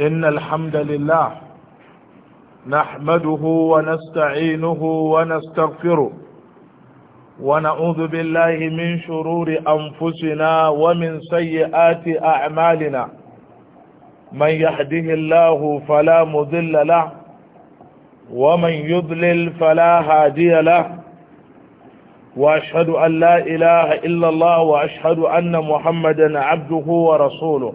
إن الحمد لله نحمده ونستعينه ونستغفره ونعوذ بالله من شرور أنفسنا ومن سيئات أعمالنا من يهده الله فلا مذل له ومن يضلل فلا هادي له وأشهد أن لا إله إلا الله وأشهد أن محمدا عبده ورسوله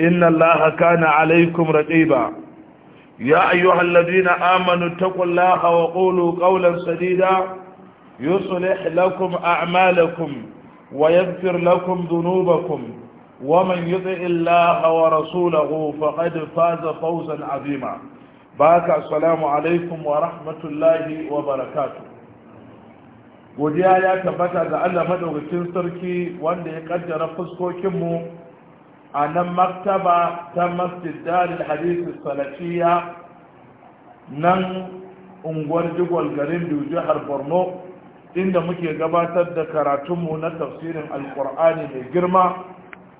إن الله كان عليكم رقيبا يا أيها الذين آمنوا اتقوا الله وقولوا قولا سديدا يصلح لكم أعمالكم ويغفر لكم ذنوبكم ومن يطع الله ورسوله فقد فاز فوزا عظيما باك السلام عليكم ورحمة الله وبركاته godiya ya tabbata ga Allah madaukakin sarki wanda ya kaddara fuskokinmu a nan maktaba ta masjid dalil hadisi salafiya nan unguwar jigwal garin biyu jihar borno inda muke gabatar da karatunmu na tafsirin alkur'ani mai girma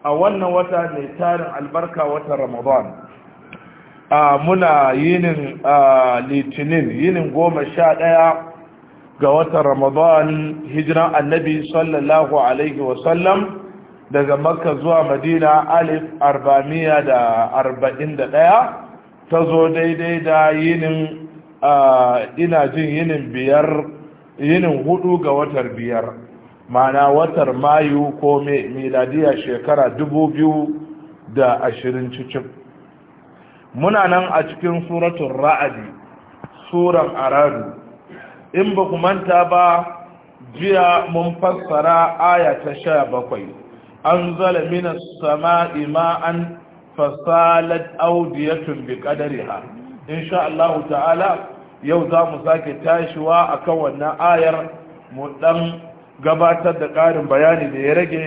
a wannan wata mai tarin albarka wata ramadan a muna yinin litinin yinin goma sha ɗaya ga wata ramadan hijiran annabi sallallahu alaihi wasallam daga makka zuwa madina alif arba'amiya da arba'in da ɗaya ta zo daidai da yinin ina jin yinin biyar yinin hudu ga watar biyar ma'ana watar mayu ko miladiya shekara dubu biyu da ashirin cikin muna nan a cikin suratun ra'adi suran aradu in ba ku manta ba jiya mun fassara aya ta sha bakwai anzala minas sama'i ma'an fasalat awdiyatun bi qadariha insha Allah ta'ala yau za mu sake tashiwa akan wannan ayar mu dan gabatar da ƙarin bayani da ya rage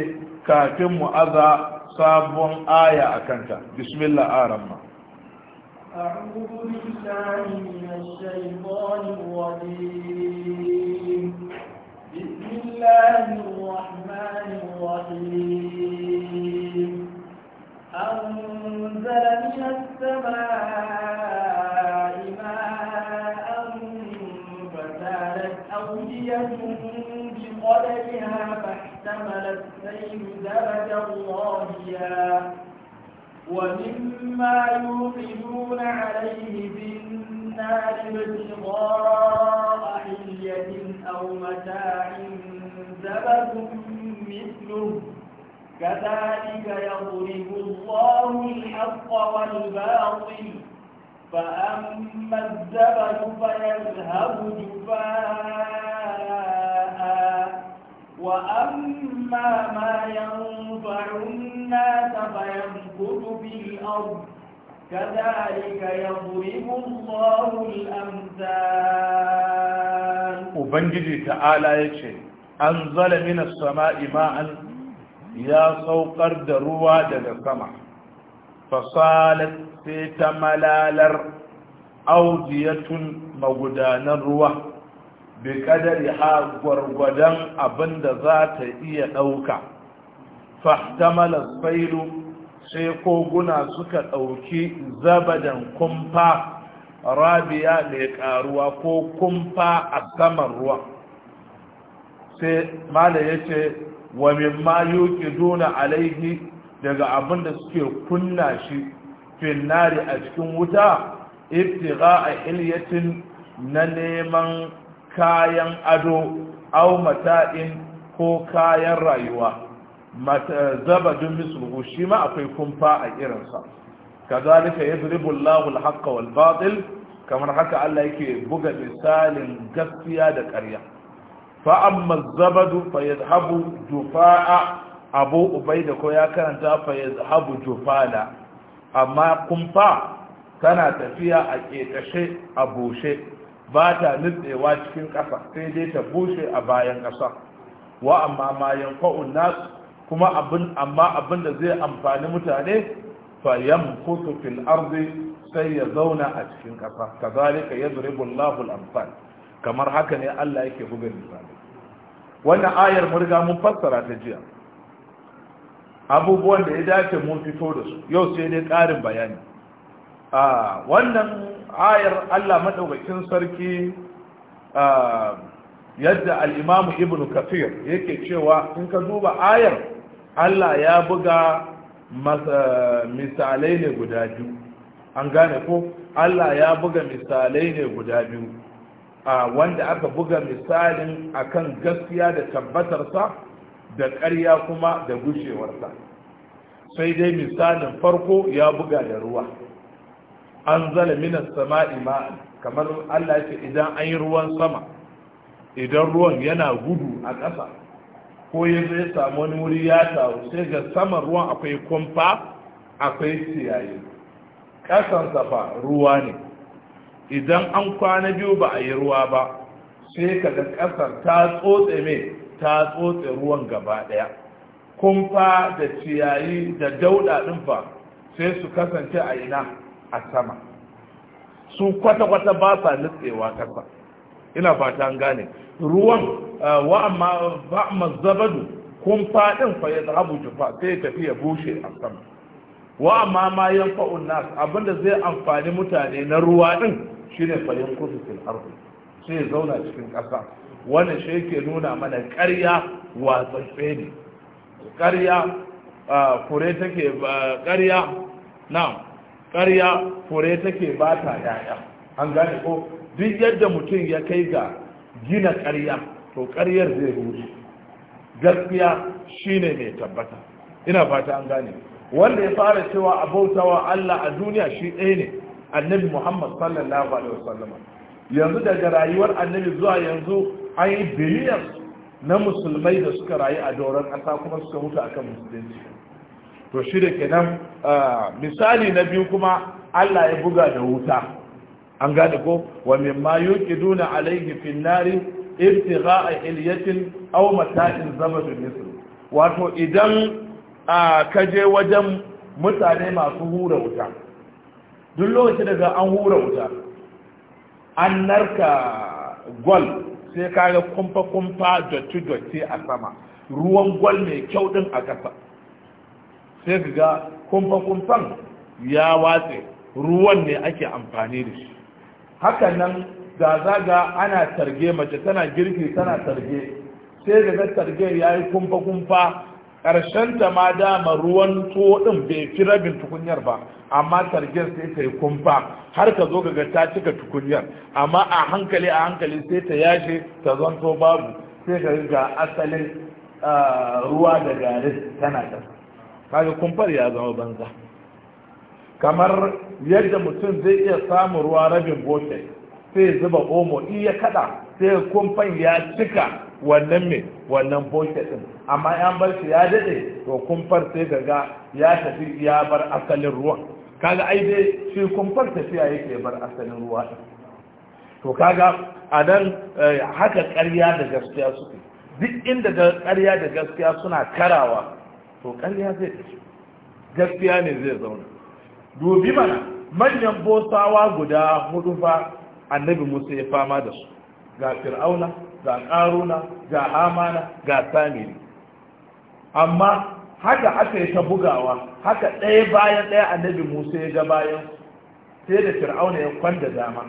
kafin mu aza sabon aya a kanta bismillah aramma أعوذ بالله من الشيطان الرجيم الله الرحمن الرحيم أنزل من السماء ماء فسالت أودية بقدرها فاحتمل السيل زبدا رابيا ومما يوقدون عليه في النار ابتغاء أو متاع سبب مثله كذلك يضرب الله الحق والباطل فأما الزبد فيذهب جفاء وأما ما ينفع الناس فيمكث في الأرض كذلك يضرب الله الأمثال وبنجي تعالى يتشي أنزل من السماء ماء يا سوقر دروا دد السماء فصالت سيت ملالر أودية مغدان الروا بقدرها غرغدان أبند ذات إيا أوكا فاحتمل السيل sai koguna suka ɗauki zabadan kumfa rabiya mai ƙaruwa ko kumfa a saman ruwa sai mala ya ce wa ma yuki duna alaihi daga abin da suke kunna shi finnari a cikin wuta ibtiga a hilyatin na neman kayan ado au mata'in ko kayan rayuwa zabadun misluhu shi ma akwai kumfa a irinsa kazalika yadribu Allahu al-haqqa wal batil kamar haka Allah yake buga misalin gaskiya da ƙarya fa amma zabadu fa jufaa abu da ko ya karanta fa yadhabu jufala amma kumfa tana tafiya a ƙeƙashe a bushe ba ta nutsewa cikin ƙasa sai dai ta bushe a bayan ƙasa wa amma ma yanfa'un nas kuma abin amma abin da zai amfani mutane fa yamkutu fil ardi sai ya zauna a cikin kasa kazalika yadribu Allahu al-amsal kamar haka ne Allah yake buga misali wannan ayar mun riga mun fassara ta jiya abubuwan da ya dace mun fito da su yau sai dai ƙarin bayani a wannan ayar Allah madaukakin sarki yadda al-Imam Ibn Kathir yake cewa in ka duba ayar Allah ya buga misalai ne guda biyu an gane ko Allah ya buga misalai ne guda biyu a wanda aka buga misalin akan gaskiya da tabbatarsa da ƙarya kuma da gushewarsa sai dai misalin farko ya buga da ruwa an zala minas sama'i ma kamar Allah ce idan an yi ruwan sama idan ruwan yana gudu a ƙasa ko ya zo samu wani wuri ya taru sai ga saman ruwan akwai kumfa akwai siyayi ƙasan safa ruwa ne idan an kwana biyu ba a yi ruwa ba sai ka ga ƙasar ta tsotse mai ta tsotse ruwan gaba ɗaya kumfa da ciyayi da dauɗa fa sai su kasance a ina a sama su kwata-kwata ba sa nutsewa ƙasa ina fata an gane ruwan eh, wa amma ba amma zabadu kun fadin fa ya zahabu jufa sai tafi ya bushe a sama wa amma ma yanfa'un nas abinda zai amfani mutane na ruwa din shine fa yankusu fil ardi sai zauna cikin ƙasa wannan shi yake nuna mana ƙarya watsatse ne ƙarya eh, fure take ƙarya na ƙarya fure take ba ta yaya an gane ko duk yadda mutum ya kai ga gina ƙarya to ƙaryar zai ruri gaskiya shine mai tabbata ina fata an gane wanda ya fara cewa a bautawa Allah a duniya shi ɗaya ne annabi Muhammad sallallahu alaihi wasallam yanzu daga rayuwar annabi zuwa yanzu an yi biliyan na musulmai da suka rayu a doron ƙasa kuma suka mutu akan musulunci to shi da kenan ah, misali na biyu kuma Allah ya buga da wuta an gane ko wa mimma yuqiduna alayhi fi an-nari ibtigha'a hilyatin aw mata'in zabadun misl wato idan ka je wajen mutane masu hura wuta duk lokacin daga an hura wuta an narka gwal sai kaga kumfa-kumfa dotti-dotti a sama ruwan gwal mai kyau din a ƙasa sai ga kumfa-kumfan ya watse ruwan ne ake amfani da shi hakanan nan ana targe mace tana girki tana targe sai daga targe ya yi kumfa-kumfa ƙarshen ta ma dama ruwan tuwo ɗin bai fi rabin tukunyar ba amma targen sai ta yi kumfa har ka zo ga ta cika tukunyar amma a hankali a hankali sai ta yashe ta zanto babu sai ka ga asalin ah, ruwa da garin tana ta kaga kumfar ya zama banza kamar yadda mutum zai iya samun ruwa rabin bote sai zuba omo in ya kada sai kumfan ya cika wannan mai wannan bote din amma yan bar shi ya dade to kumfar sai daga ya tafi ya bar asalin ruwan kaga ai dai shi kumfar tafiya yake bar asalin ruwa to kaga a nan eh, haka ƙarya da gaskiya suke duk inda da ƙarya da gaskiya suna karawa to ƙarya zai tafi gaskiya ne zai zauna dubi mana manyan bosawa guda hudu fa annabi musa ya fama da su ga fir'auna ga karuna ga amana ga samiri amma haka aka yi ta bugawa haka ɗaya bayan ɗaya annabi musa ya ga bayan sai da fir'auna ya kwanda dama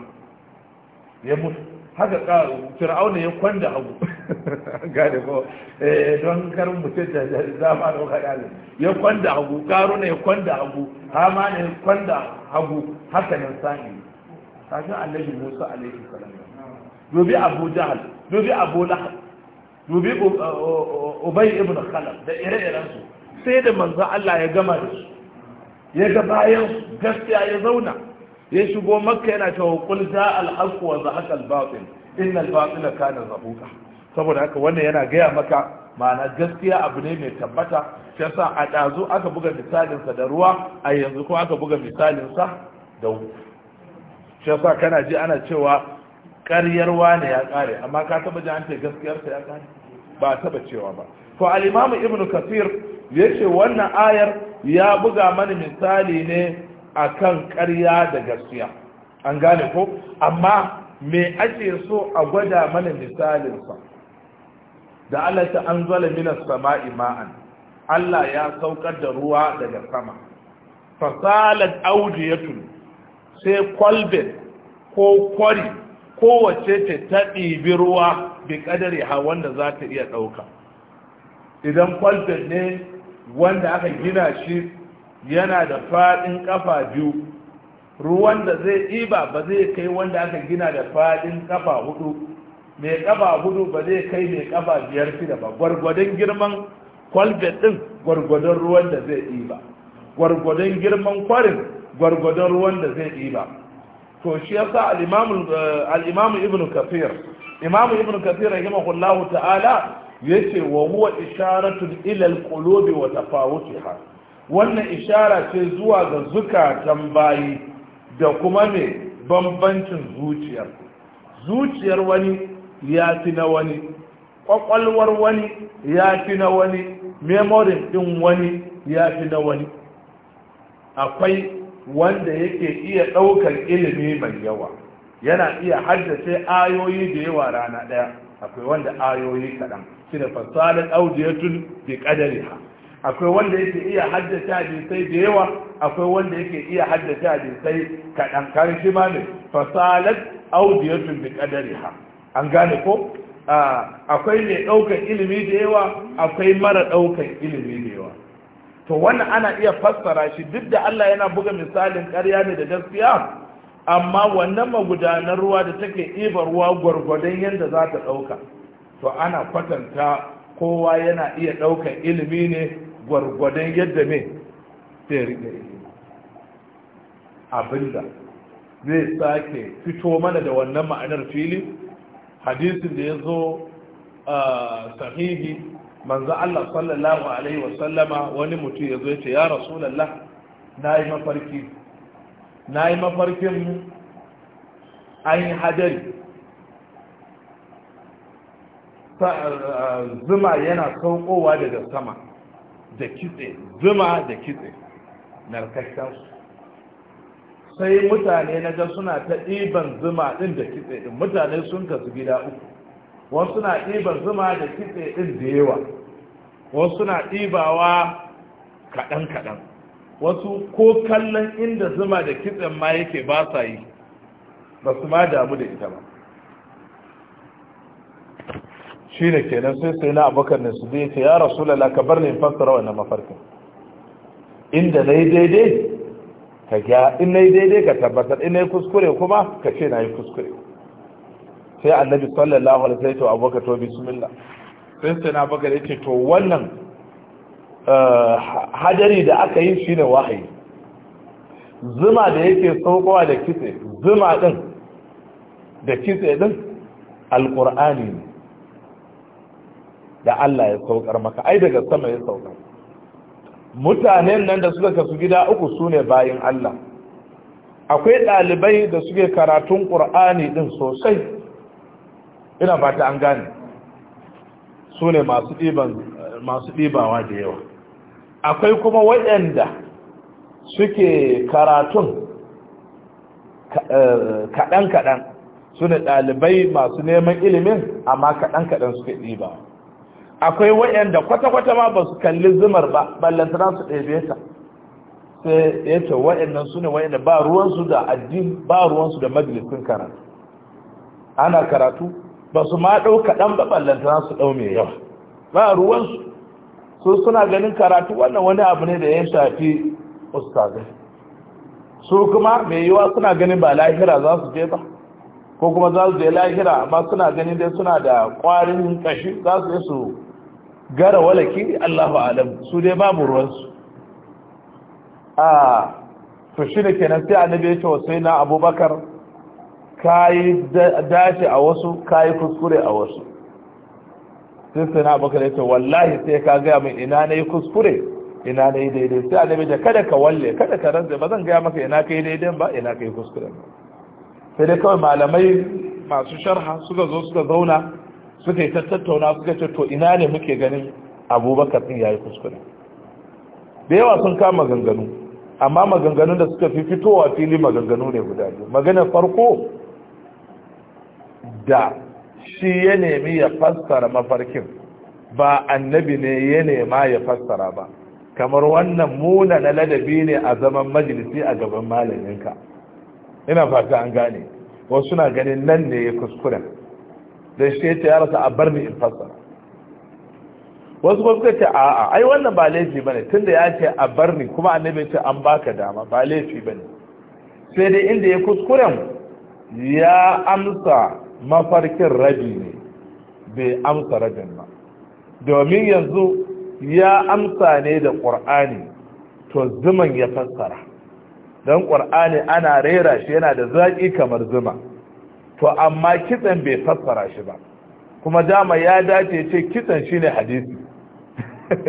ya mutu haka fir'auna ya kwanda hagu gane ko eh, don karin mutum da zama da kada ne ya kwanda hagu karo ne ya kwanda hagu ma ne ya kwanda hagu haka ne sani kafin annabi musa alaihi salam dubi abu Jahl dubi abu lahab dubi uh, uh, ubay ibn khalaf da ire-iren su sai da manzo Allah ya gama da su ya ga bayan gaskiya ya zauna ya shigo makka yana cewa qul za al haqq wa zahaqa al batil inna al batila kana zahuqa saboda haka wannan yana gaya maka ma'ana gaskiya abu ne mai tabbata shi yasa a ɗazu aka buga misalinsa da ruwa a yanzu kuma aka buga misalinsa da wu. shi yasa kana ji ana cewa ƙaryar wane ya ƙare amma ka taɓa ji an ce gaskiyarsa ya ƙare ba a taɓa cewa ba to alimamu ibnu kafir ce wannan ayar ya buga mana misali ne akan ƙarya da gaskiya an gane ko amma me ake so a gwada mana misalinsa da Allah ta anzala minas sama'i ma'an Allah ya saukar da ruwa daga sama fasalat audiyatun sai kwalbin ko kwari kowace ta ta ɗibi ruwa bi kadari ha wanda za ta iya ɗauka idan kwalbin ne wanda aka gina shi yana da faɗin ƙafa biyu ruwan da zai ɗiba ba zai kai wanda aka gina da faɗin ƙafa hudu mai kaba hudu ba zai kai mai kaba biyar shida ba gwargwadon girman kwalbet ɗin gwargwadon ruwan da zai yi ba gwargwadon girman kwarin gwargwadon ruwan da zai yi ba to shi ya sa al'imamu eh, ibn kafir imamu ibn kafir ta'ala ya ce wa huwa isharatun ilal kulobi wa tafawutiha wannan ishara ce zuwa ga zukatan bayi da kuma mai bambancin zuciyar zuciyar wani ya fi na wani kwakwalwar wani ya fi na wani memorin din wani ya fi na wani akwai wanda yake iya ɗaukar ilimi mai yawa yana iya haddace ayoyi da yawa rana ɗaya akwai wanda ayoyi kaɗan shi da fasalin audiyatun bi ha akwai wanda yake iya haddace hadisai da yawa akwai wanda yake iya haddace hadisai kaɗan karshe ma ne fasalat audiyatun bi ha an gane ko akwai mai ɗaukar ilimi da yawa akwai mara ɗaukar ilimi da yawa to wannan ana iya fassara shi duk da Allah yana buga misalin ƙarya ne da gaskiya amma wannan magudanar ruwa da take ɗibar ruwa gwargwadon yadda za ta ɗauka to ana kwatanta kowa yana iya ɗaukar ilimi ne gwargwadon yadda me sai abinda zai sake fito mana da wannan ma'anar fili hadisin da ya zo sahihi manzo Allah sallallahu alaihi wasallama wani mutum ya zo ya ce ya rasulallah na yi mafarki na yi mafarkin an yi hadari zuma yana saukowa daga sama da kitse zuma da kitse narkashen sai mutane na ga suna ta ɗiban zuma ɗin da kitse ɗin mutane sun kasu gida uku wasu suna ɗiban zuma da kitse ɗin da yawa wasu suna ɗibawa kaɗan-kaɗan wasu ko kallon inda zuma da kitsen ma yake ba sa yi ba su ma damu da ita ba shi ne kenan sai sai na abokan ne su ya ce ya rasu lalaka bar ne fassara na mafarkin inda na yi daidai ka ga in nayi daidai ka tabbatar in nayi kuskure kuma ka ce na yi kuskure sai annabi sallallahu alaihi wasallam to abubakar to bismillah sai sai na baka yace to wannan eh, hadari da aka yi shine wahayi zuma da yake saukowa da kitse zuma din da kitse din alqur'ani da Allah ya saukar maka ai daga sama ya saukar mutanen nan da suka kasu gida uku su ne bayin Allah akwai ɗalibai da suke karatun ƙur'ani ɗin sosai ina fata an gane su ne masu ɗibawa da yawa akwai kuma waɗanda suke karatun eh, kaɗan-kaɗan su ne ɗalibai masu neman ilimin amma kaɗan-kaɗan suke ɗibawa akwai wayanda kwata-kwata ma ba su kalli zumar ba ballantana su ɗebe ta sai ya ce wayannan su ne wayanda ba ruwansu da addin ba ruwansu da majalisun karatu ana karatu ba su ma ɗau kaɗan ba ballantana su ɗau mai yawa ba ruwansu su suna ganin karatu wannan wani abu ne da ya shafi ustazai su kuma mai yiwa suna ganin ba lahira za su je ba ko kuma za su je lahira amma suna ganin dai suna da kwarin kashi za su yi su gara walaki Allahu alam su dai babu ruwansu a to shi ne kenan sai annabi ya ce wa sai na abubakar kayi dace a wasu kayi kuskure a wasu sai sai na abubakar ya ce wallahi sai ka gaya min ina na yi kuskure ina na yi daidai sai annabi ya kada ka walle kada ka rantsa ba zan gaya maka ina ka yi daidai ba ina ka yi kuskure sai dai kawai malamai masu sharha suka zo suka zauna suka yi tattauna suka ce to ina ne muke ganin abubakar ɗin ya yi kuskure da yawa sun kama maganganu amma maganganun da suka fi fitowa fili maganganu ne guda biyu maganar farko da shi ya nemi ya fassara mafarkin ba annabi ne ya nema ya fassara ba kamar wannan muna na ladabi ne a zaman majalisi a gaban malaminka ina fata an gane wasu na ganin nan ne ya kuskuren sai shi ya rasa a bar ni in fassara wasu ba suka ce a ai wannan ba laifi bane tunda ya ce a bar ni kuma annabi ce an baka dama ba laifi bane sai dai inda ya kuskuren ya amsa mafarkin rabi ne bai amsa rabin ba domin yanzu ya amsa ne da ƙur'ani to zuman ya fassara don ƙur'ani ana rera shi yana da zaƙi kamar zuma to amma kitsan bai fassara shi ba kuma dama ya dace ce kitsan shine hadisi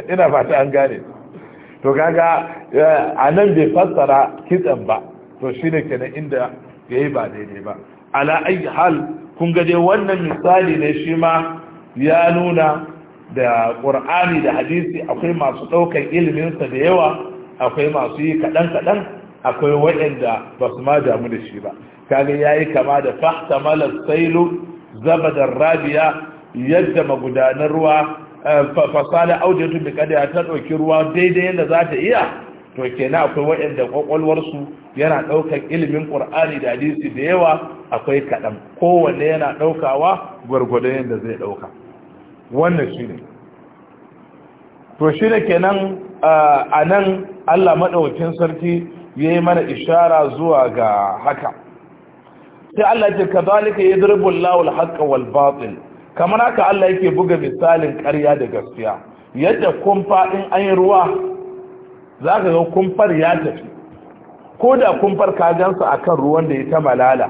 ina fata an gane to kaga eh, a nan bai fassara kitsan ba to shine kenan inda yayi ba daidai ba ala ayi hal kun ga wannan misali ne shi ma ya nuna da qur'ani da hadisi akwai masu daukan ilimin da yawa akwai masu yi kadan kadan akwai waɗanda ba su ma damu da shi ba kaga yayi kama da fahtamala sailu da rabiya yadda magudanar ruwa eh, fasala audatu bi kada ta dauki ruwa daidai yadda za ta iya to kenan akwai waɗanda kwakwalwarsu yana ɗaukar ilimin ƙur'ani da hadisi da yawa akwai kaɗan kowanne yana ɗaukawa gwargwadon yadda zai ɗauka wannan shi ne to shi ne kenan eh, a nan allah maɗaukin sarki ya yi mana ishara zuwa ga haka sai Allah ya ce kadhalika yadribu Allahu al wal batil kamar haka Allah yake buga misalin ƙarya da gaskiya yadda kumfa in an yi ruwa zaka ga kumfar ya tafi ko da kumfar ka gansa akan ruwan da ya ta malala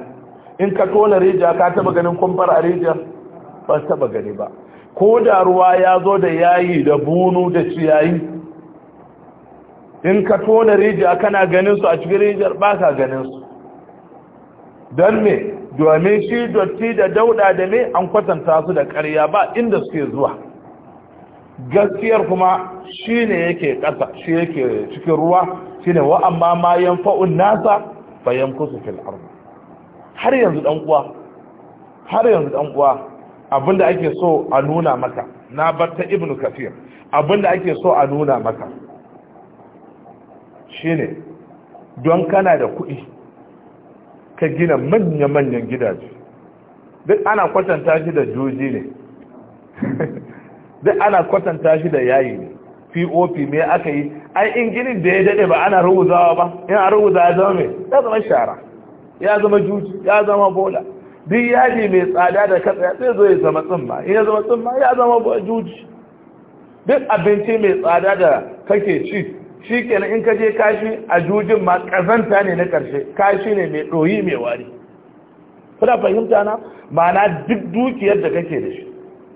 in ka tona rijiya ka taba ganin kumfar a rijiyar ba taba gani ba ko da ruwa ya zo da yayi da bunu da ciyayi in ka tona rijiya kana ganin su a cikin rijiyar ba ka ganin su don me domin shi dotti da dauda da me an kwatanta su da karya ba inda suke zuwa gaskiyar kuma shi ne yake ƙasa shi yake cikin ruwa shi ne wa amma ma yan fa'un nasa bayan kusa fil har yanzu ɗan uwa har yanzu ɗan abinda ake so a nuna maka na batta ibnu kafir abinda ake so a nuna maka shi ne don kana da kuɗi ta gina manya-manyan gidaje duk ana kwatanta shi da joji ne duk ana kwatanta shi da yayi ne pop me aka yi ai in ginin da ya dade ba ana rubuzawa ba ina rubuta ya zama mai ya zama shara ya zama juji ya zama bola duk yaji mai tsada da katsa sai zo ya zama tsumma in ya zama tsumma ya zama juji duk abinci mai tsada da kake ci shi kenan in ka je kashi a jujin ma ƙazanta ne na ƙarshe kashi ne mai ɗoyi mai wari kuna fahimta na mana duk dukiyar da kake da shi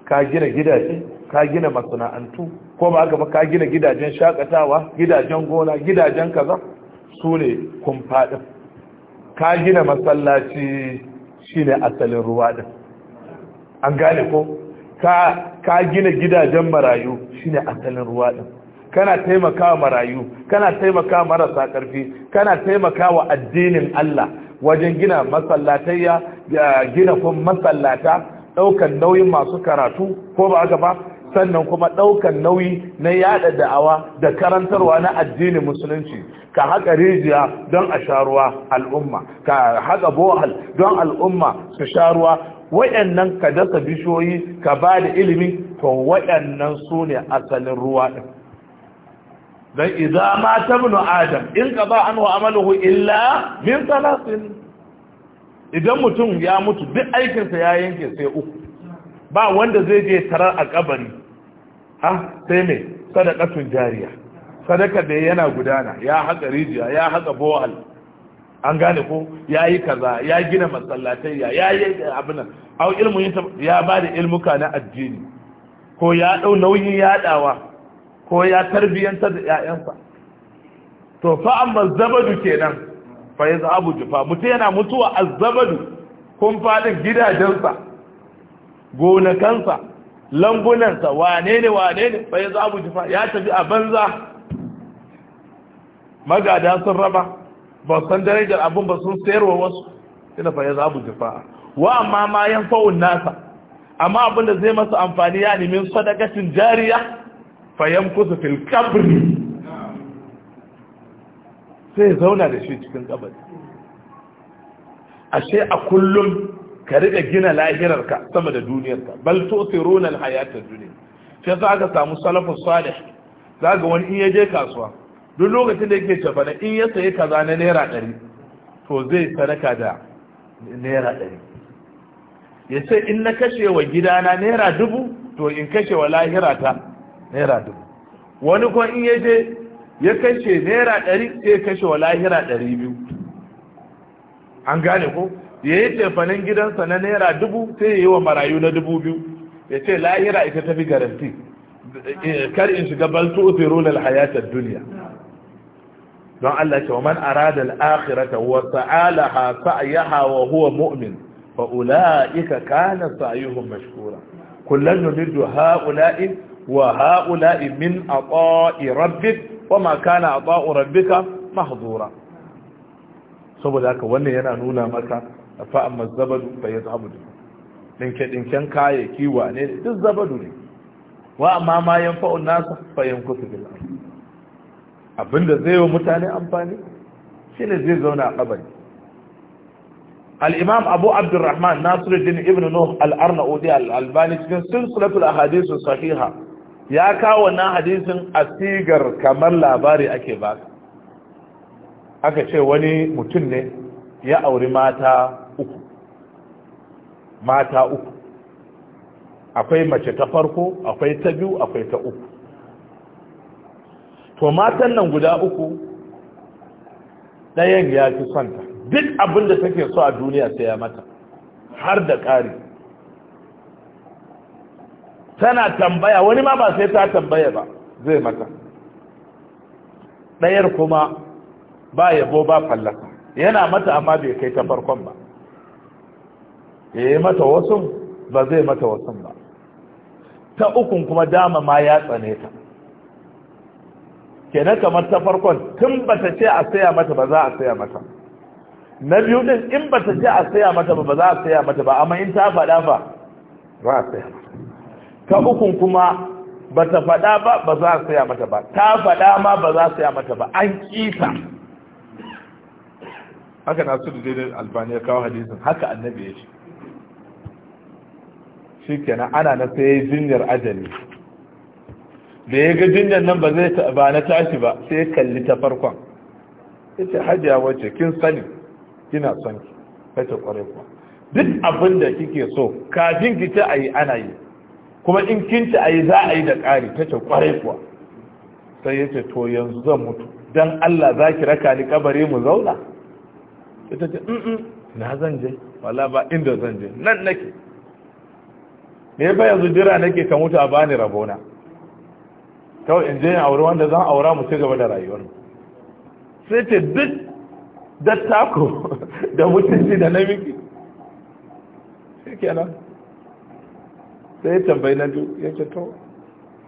ka gina gidaje ka gina masana'antu ko ba haka ba ka gina gidajen shakatawa gidajen gona gidajen kaza su ne kun faɗin ka gina masallaci shi ne asalin ruwa ɗin an gane ko ka gina gidajen marayu shi ne asalin ruwa ɗin kana taimakawa marayu kana taimakawa marasa karfi kana taimakawa addinin Allah wajen gina masallatayya gina kuma masallata daukan nauyin masu karatu ko ba aka ba sannan kuma daukan nauyi na yada da'awa da karantarwa na addinin musulunci ka haka rijiya don a sharuwa al'umma ka haka bohal don al'umma su sharuwa waɗannan ka dasa bishiyoyi ka ba da ilimi to waɗannan su ne asalin ruwa ɗin dan idza mata ibn adam in ka ba an wa amaluhu illa min talatin idan mutum ya mutu duk aikinsa ya yanke sai uku ba wanda zai je tarar a kabari ha sai me sadakatun jariya sadaka da yana gudana ya haka rijiya ya haka bowal. an gane ko ya yi kaza ya gina masallatai ya yi abin au ilmu ya ba da ilmuka na addini ko ya dau nauyin yadawa ko ya tarbiyantar da 'ya'yansa to fa amma zabadu kenan fa ya abu jufa mutu yana mutuwa a Zabadu kun faɗin gidajensa gonakansa lambunansa wane ne wane ne fa ya abu jufa ya tafi a banza magada sun raba ba san darajar abin ba sun sayarwa wasu ina fa ya abu jufa wa amma ma yan fa'un nasa amma abin da zai masa amfani ya nemi sadakacin jariya fayamkusu fil kabri sai zauna da shi cikin kabari ashe a kullum ka riga gina lahirarka sama da duniyarka bal tu'thiruna al-hayata ad-dunya sai za ka samu salafus salih za ga wani in ya je kasuwa duk lokacin da yake cefane in ya sayi kaza na naira ɗari to zai sadaka da naira ɗari ya ce in na kashe wa gidana naira dubu to in kashe wa lahirata naira dubu wani kuma in ya je ya kashe naira ɗari sai ya kashe wa lahira ɗari biyu an gane ko ya yi tefanin gidansa na naira dubu sai ya yi wa marayu na dubu biyu ya ce lahira ita tafi garanti kar in shiga balto zero lal hayatar duniya don Allah ce wa man arada al-akhirata wa sa'alaha sa'yaha wa huwa mu'min fa ulaika kana sa'yuhum mashkura kullan ha ula'i wa ha'ula'i min ata'i rabbik wa ma kana ata'u rabbika mahzura. saboda haka wannan yana nuna maka fa amma zabadu fa yazhabu dinke dinken kayayyaki wa ne duk zabadu ne wa amma ma yanfa'u nasa fa yankutu bil ard abinda zai wa mutane amfani shi ne zai zauna a kabari al-imam abu abdurrahman nasiruddin ibn nuh al'arna arnaudi al-albani cikin silsilatul ahadith sahiha ya kawo wannan hadisin a sigar kamar labari ake ba aka ce wani mutum ne ya auri mata uku mata uku akwai mace ta farko akwai ta biyu akwai ta uku to matan nan guda uku ɗayan ya fi sonta duk abinda take so a duniya sai ya mata har da ƙari tana tambaya wani ma ba sai ta tambaya ba zai mata ɗayar kuma ba yabo ba fallaka yana mata amma bai kai ta farkon ba ya yi mata wasu ba zai mata wasu ba ta ukun kuma dama ma ya tsane ta kenan kamar ta farkon tun ba ta ce a saya mata ba za a saya mata na biyu din in ba ta ce a saya mata ba ba za a saya mata ba amma in ta faɗa ba za a saya mata ta ukun kuma ba ta faɗa ba ba za a saya mata ba ta faɗa ma ba za a saya mata ba an kisa haka na su da albani ya kawo hadisin haka annabi ya ce shi kenan ana na sai jinyar ajali da ya ga jinyar nan ba zai ba na tashi ba sai kalli ta farkon ita hajiya wacce kin sani kina son ki ta kware kuwa duk abin da kike so kafin ki ta ayi ana yi kuma in kin ci yi za a yi da ƙari ta ce ƙwarai kuwa sai ya ce to yanzu zan mutu dan Allah za ki raka ni kabari mu zauna ita ce na zan je wala ba inda zan je nan nake ne ba yanzu jira nake ka mutu a bani rabona kawai in je in aure wanda zan aura mu ci gaba da rayuwar sai ce duk dattako da mutunci da namiki shi kenan sai ya tambayi na biyu ya ce to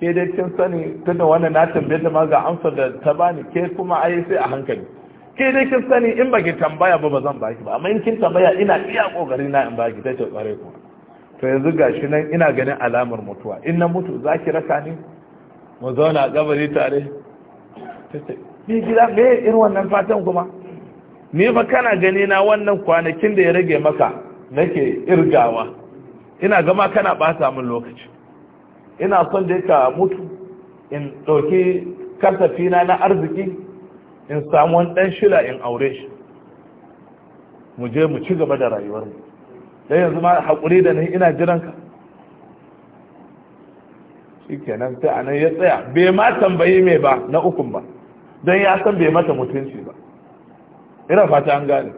ke dai kin sani tunda wannan na tambaye ta ma ga amsa da ta bani ke kuma ai sai a hankali ke dai kin sani in baki tambaya ba ba zan baki ba amma in kin tambaya ina iya kokari na in baki ta ce kware ku to yanzu gashi nan ina ganin alamar mutuwa in na mutu za ki raka ni mu zauna a kabari tare ta ce ni gida me irin wannan fatan kuma ni fa kana gani na wannan kwanakin da ya rage maka nake irgawa ina gama kana bata min lokaci ina son da ka mutu in ɗauki kasafina na arziki in samu wani ɗan shila in aure shi mu je mu ci gaba da rayuwarmu don yanzu ma haƙuri da ni ina jiranka shi kenan sai a ya tsaya bai ma tambayi mai ba na ukun ba don ya san bai mata mutunci ba ina fata an gane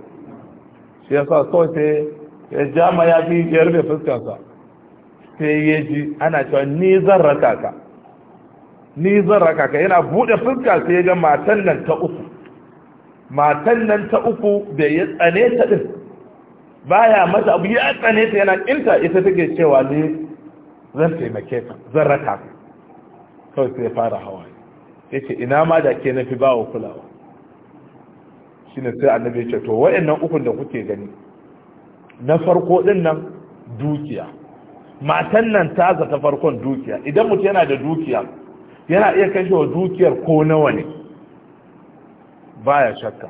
shi ya sa sai ya jama ya fi ya rufe fuskansa sai ya ji ana cewa ni zan raka ka ni zan raka ka yana bude fuska sai ya ga matan nan ta uku matan nan ta uku da ya tsane ta din baya mata abu ya tsane ta yana ƙinta ita take cewa ne zan taimake ka zan raka ka kawai sai ya fara hawa yace ina ma da ke na fi ba wa kulawa shine sai annabi ya ce to wa'annan ukun da kuke gani na farko din nan dukiya matan nan ta zata farkon dukiya idan mutum yana da dukiya yana iya kashe wa dukiyar ko nawa ne baya shakka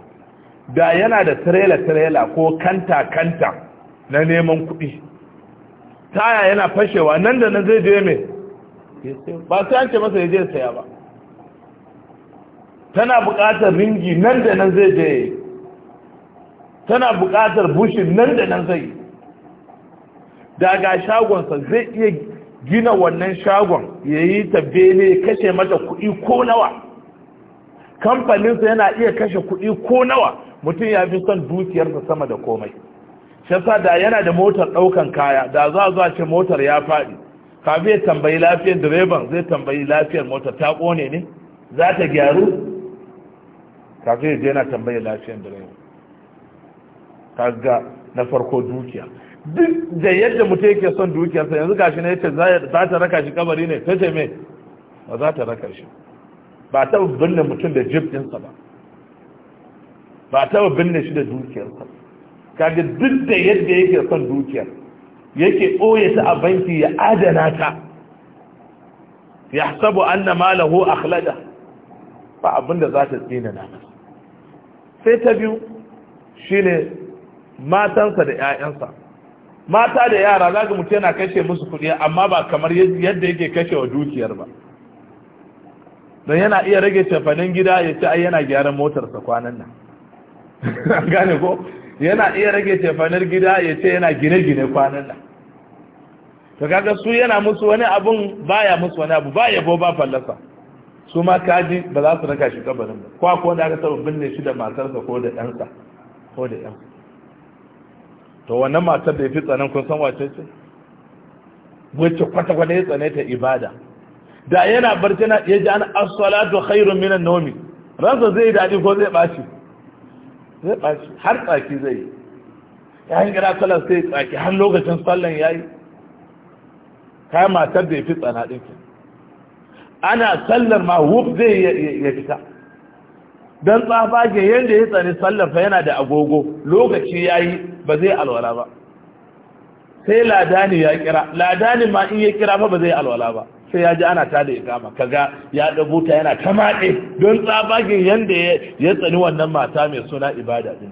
da yana da trela trela ko kanta-kanta na neman kuɗi taya yana fashewa nan da nan zai je mai ba sai an ce masa ya je saya ba tana buƙatar ringi nan da nan zai je tana buƙatar bushin nan da nan zai daga shagonsa zai iya gina wannan shagon ya yi ta bene kashe mata kuɗi ko nawa kamfaninsa yana iya kashe kuɗi ko nawa mutum ya fi son dukiyarsa sama da komai shasa da yana da motar ɗaukan kaya da za zuwa ce motar ya faɗi kafin ya tambayi lafiyar direban zai tambayi lafiyar motar ta kone ne za ta gyaru kafin ya je na tambayi lafiyar direban kaga na farko dukiya duk da yadda mutum yake son dukiyarsa yanzu gashi na yace za ta raka shi kabari ne ta ce me ba za ta raka shi ba ta binne mutum da jib sa ba ba ta binne shi da dukiyarsa kaga duk da yadda yake son dukiyar yake ɓoye ta a banki ya adana ta ya sabu an na malahu akhlada ba abinda za ta tsina na sai ta biyu shine matansa da 'ya'yansa mata da yara za ga mutu yana kashe musu kuɗi amma ba kamar yadda yake kashe wa dukiyar ba don yana iya rage cefanin gida ya ce ai yana gyaran motarsa kwanan nan an gane ko yana iya rage cefanin gida ya ce yana gine-gine kwanan nan ta kaga su yana musu wani abun baya musu wani abu ba yabo ba fallasa su ma kaji ba za su raka shi kabarin ba kwa ko da aka saba binne shi da matarsa ko da ɗansa ko da ɗansa to wannan matar da ya fi tsanan kun san wace ce wacce kwata-kwata ya tsane ta ibada da yana barci na ya ji an as-salatu khairun minan nomi ransa zai dadi ko zai baci zai baci har tsaki zai yi ya yi kira salar sai tsaki har lokacin sallan yayi kai matar da ya fi tsana ɗinkin ana sallar ma wuf zai ya fita dan tsafa ke yanda ya tsare sallafa yana da agogo lokaci yayi ba zai alwala ba sai ladani ya kira ladani ma in ya kira fa ba zai alwala ba sai ya ji ana ta da ikama kaga ya dago ta yana ta maɗe don ke yanda ya tsani wannan mata mai suna ibada din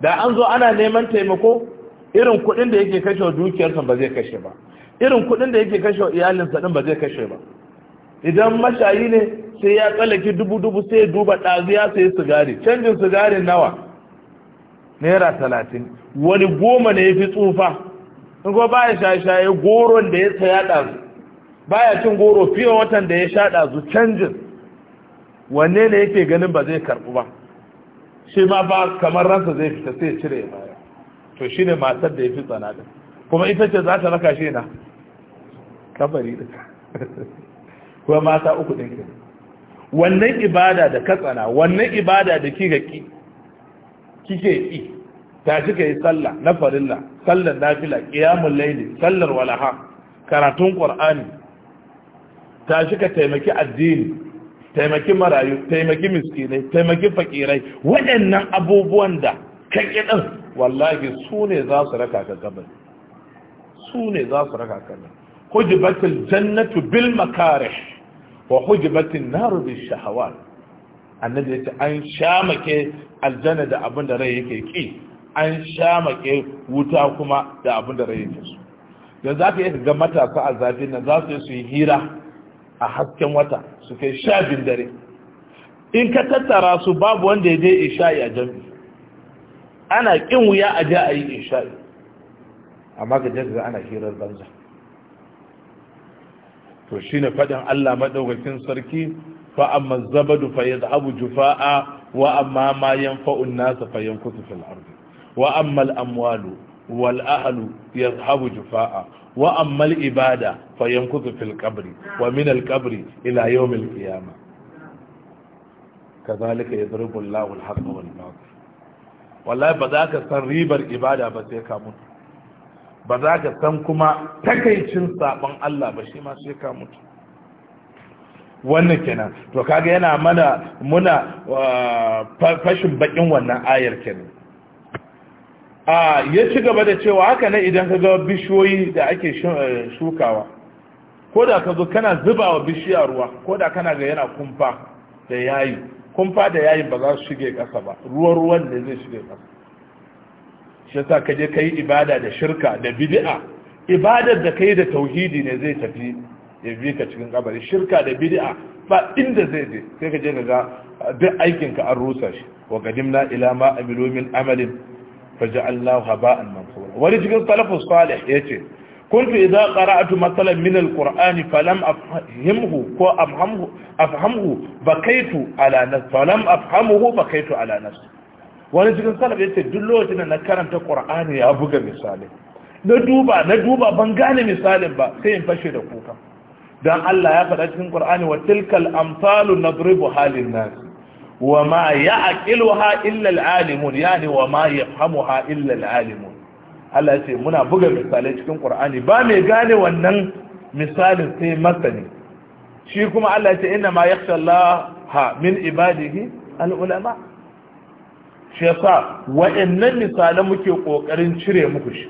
da an zo ana neman taimako irin kuɗin da yake kashe dukiyarsa ba zai kashe ba irin kuɗin da yake kashe iyalinsa din ba zai kashe ba idan mashayi ne sai ya tsallake dubu dubu sai ya duba ɗazu ya sayi sigari canjin sigari nawa naira talatin wani goma ne ya fi tsufa in kuma baya shaye-shaye goron da ya saya ɗazu baya cin goro fiye watan da ya sha ɗazu canjin wanne ne yake ganin ba zai karɓu ba shi ma ba kamar ransa zai fita sai ya cire ya baya to shi ne matar da ya fi tsana kuma ita ce za ta raka shi na kabari kuma mata uku ɗin wannan ibada da katsana wannan ibada da kika ki kike yi ta kika yi sallah na farilla sallar nafila qiyamul layli sallar walaha karatun qur'ani ta kika taimaki addini taimaki marayu taimaki miskinai taimaki fakirai waɗannan abubuwan da kake din wallahi su ne za su raka ka gaban su ne za su raka ka gaban kujibatul jannatu bil makarih wa na naru bi shahawat annabi yace an shamake aljanna da abin da rai yake ki an shamake wuta kuma da abin da rai yake so yanzu zaka iya ga matasa a zafin nan za su yi hira a hasken wata su kai sha dare in ka tattara su babu wanda ya je isha'i a jami ana kin wuya a je a yi isha'i amma ga jaddada ana hirar banza to shine faɗin Allah maɗaukakin sarki fa amma zabadu fa yadhabu jufa'a wa amma ma fa fil ardi wa amma amwalu wal ahlu yadhabu jufa'a wa amma ibada fa yankutu fil qabri wa min al ila kazalika wal ba za ka san ribar ibada ba sai ka mutu ba za ka san kuma takaicin sabon Allah ba shi ma sai ka mutu wannan kenan to kaga yana mana muna fashin bakin wannan ayar kenan a ya ci gaba da cewa haka ne idan ka ga bishiyoyi da ake eh, shukawa ko da ka zo kana zuba wa bishiya ruwa ko da kana ga yana kumfa da yayi kumfa da yayi ba za su shige ƙasa ba ruwan ruwan da zai shige ƙasa shi yasa ka je kai ibada da shirka da bid'a ibadar da kai da tauhidi ne zai tafi ya bi ka cikin kabari shirka da bid'a ba inda zai je sai ka je ka ga duk aikin ka an rusa shi wa qadimna ila ma amilu min amalin faja'alnahu haba'an mansura wani cikin salafus salih yace كنت إذا قرأت مثلا من القرآن فلم أفهمه وأفهمه أفهمه بكيت على نفسي فلم أفهمه بكيت على نفسي wani cikin salaf ya ce duk lokacin da na karanta qur'ani ya buga misali na duba na duba ban gane misalin ba sai in fashe da kuka dan Allah ya faɗa cikin qur'ani wa tilkal amsalu nadribu halin nas wa ma ya'qiluha illa al-alimun yani wa ma yafhamuha illa al-alimun Allah ya ce muna buga misalai cikin qur'ani ba mai gane wannan misalin sai masani shi kuma Allah ya ce inna ma yakhsha Allah min ibadihi al-ulama shi yasa wa'annan misalan muke kokarin cire muku shi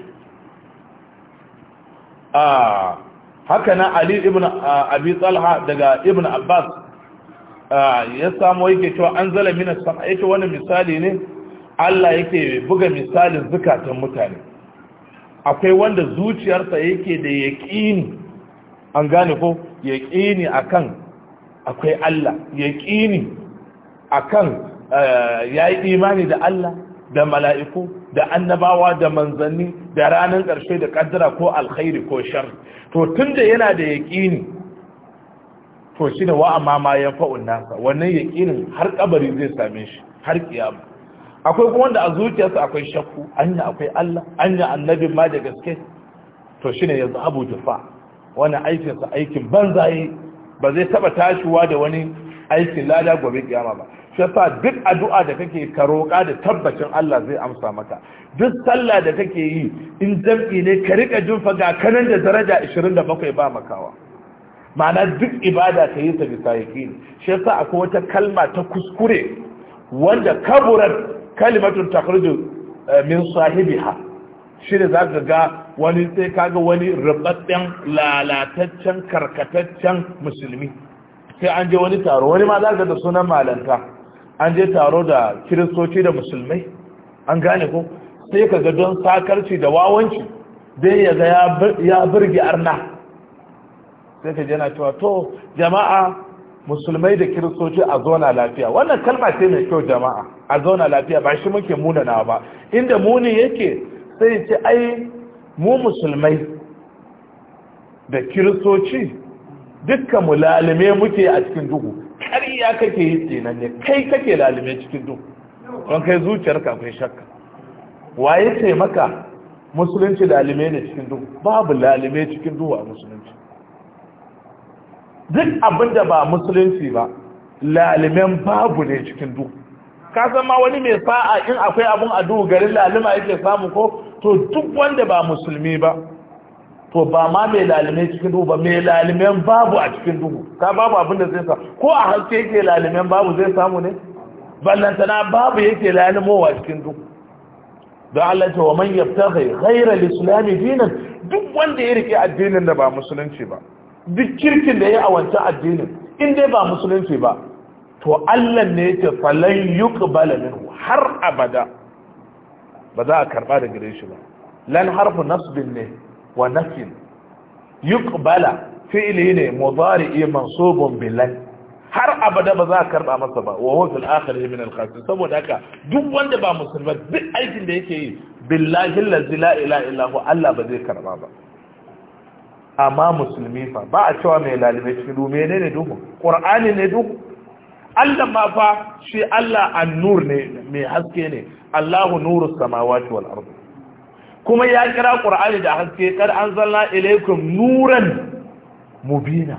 a haka na ali ibn abi talha daga ibn abbas ya samu yake cewa an zala mina sama yake wani misali ne Allah yake buga misalin zukatan mutane akwai wanda zuciyarsa yake da yaƙini an gane ko yaƙini akan akwai Allah yaƙini akan ya yi imani da Allah da mala'iku da annabawa da manzanni da ranar ƙarshe da ƙaddara ko alkhairi ko shar to tun da yana da yaƙini to shi da wa’a mama ya fa'un nasa wannan yaƙinin har ƙabari zai same shi har ƙiyama akwai kuma wanda a zuciyarsa akwai shakku anya akwai Allah anya annabin ma da gaske to shi ne yanzu abu jufa wani aikinsa aikin banzaye ba zai taɓa tashiwa da wani aikin lada gobe ƙiyama ba shi duk addu'a da kake ka roƙa da tabbacin Allah zai amsa maka duk sallah da kake yi in jam'i ne ka rika jin fa ga kanan da daraja 27 ba makawa ma'ana duk ibada ka yi ta bisa yaqini shi yasa akwai wata kalma ta kuskure wanda kaburat kalimatun takhruju eh, min sahibiha shi ne za ga wani sai kaga wani rubatsen lalataccen karkataccen musulmi sai an je wani taro wani ma za da sunan malanta an je taro da kiristoci da musulmai an gane ko sai ka ga don sakarci da wawanci dai ya ga ya birge arna sai ka jana cewa to jama'a musulmai da kiristoci a zona lafiya wannan kalma ce mai kyau jama'a a zona lafiya ba shi muke na ba inda muni yake sai ce ai mu musulmai da kiristoci dukkan mu lalime muke a cikin duhu har iya kake yi kenan ne kai kake lalime cikin duk don kai zuciyarka akwai shakka waye ce maka musulunci lalime ne cikin duk babu lalime cikin duk a musulunci duk abin da ba musulunci ba lalimen babu ne cikin duk ka san ma wani mai sa'a in akwai abun a garin lalima yake samu ko to duk wanda ba musulmi ba to ba ma mai lalume cikin duhu ba mai lalimen babu a cikin duhu ka babu abin da zai sa ko a haske yake lalimen babu zai samu ne ballantana babu yake lalumowa cikin duhu Da Allah ta wa man yabtaghi ghayra al dinan duk wanda ya rike addinin da ba musulunci ba duk kirkin da ya awanta addinin in dai ba musulunci ba to Allah ne ta falan yuqbala minhu har abada ba za a karba da gare shi ba lan harfu nasbin ne wa nafin yuqbala fi'li ne mudari'i mansubun bilal har abada ba za a karba masa ba wa huwa fil akhir min al khasir saboda haka duk wanda ba musulma duk aikin da yake yi billahi allazi la ilaha illa hu Allah ba zai karba ba amma musulmi fa ba a cewa mai lalibe shi du menene duhu qur'ani ne duhu Allah ma fa shi Allah an-nur ne mai haske ne Allahu nuru samawati wal ardi kuma ya kira ƙur'ani da haske kar an zalla ilaikum nuran mubina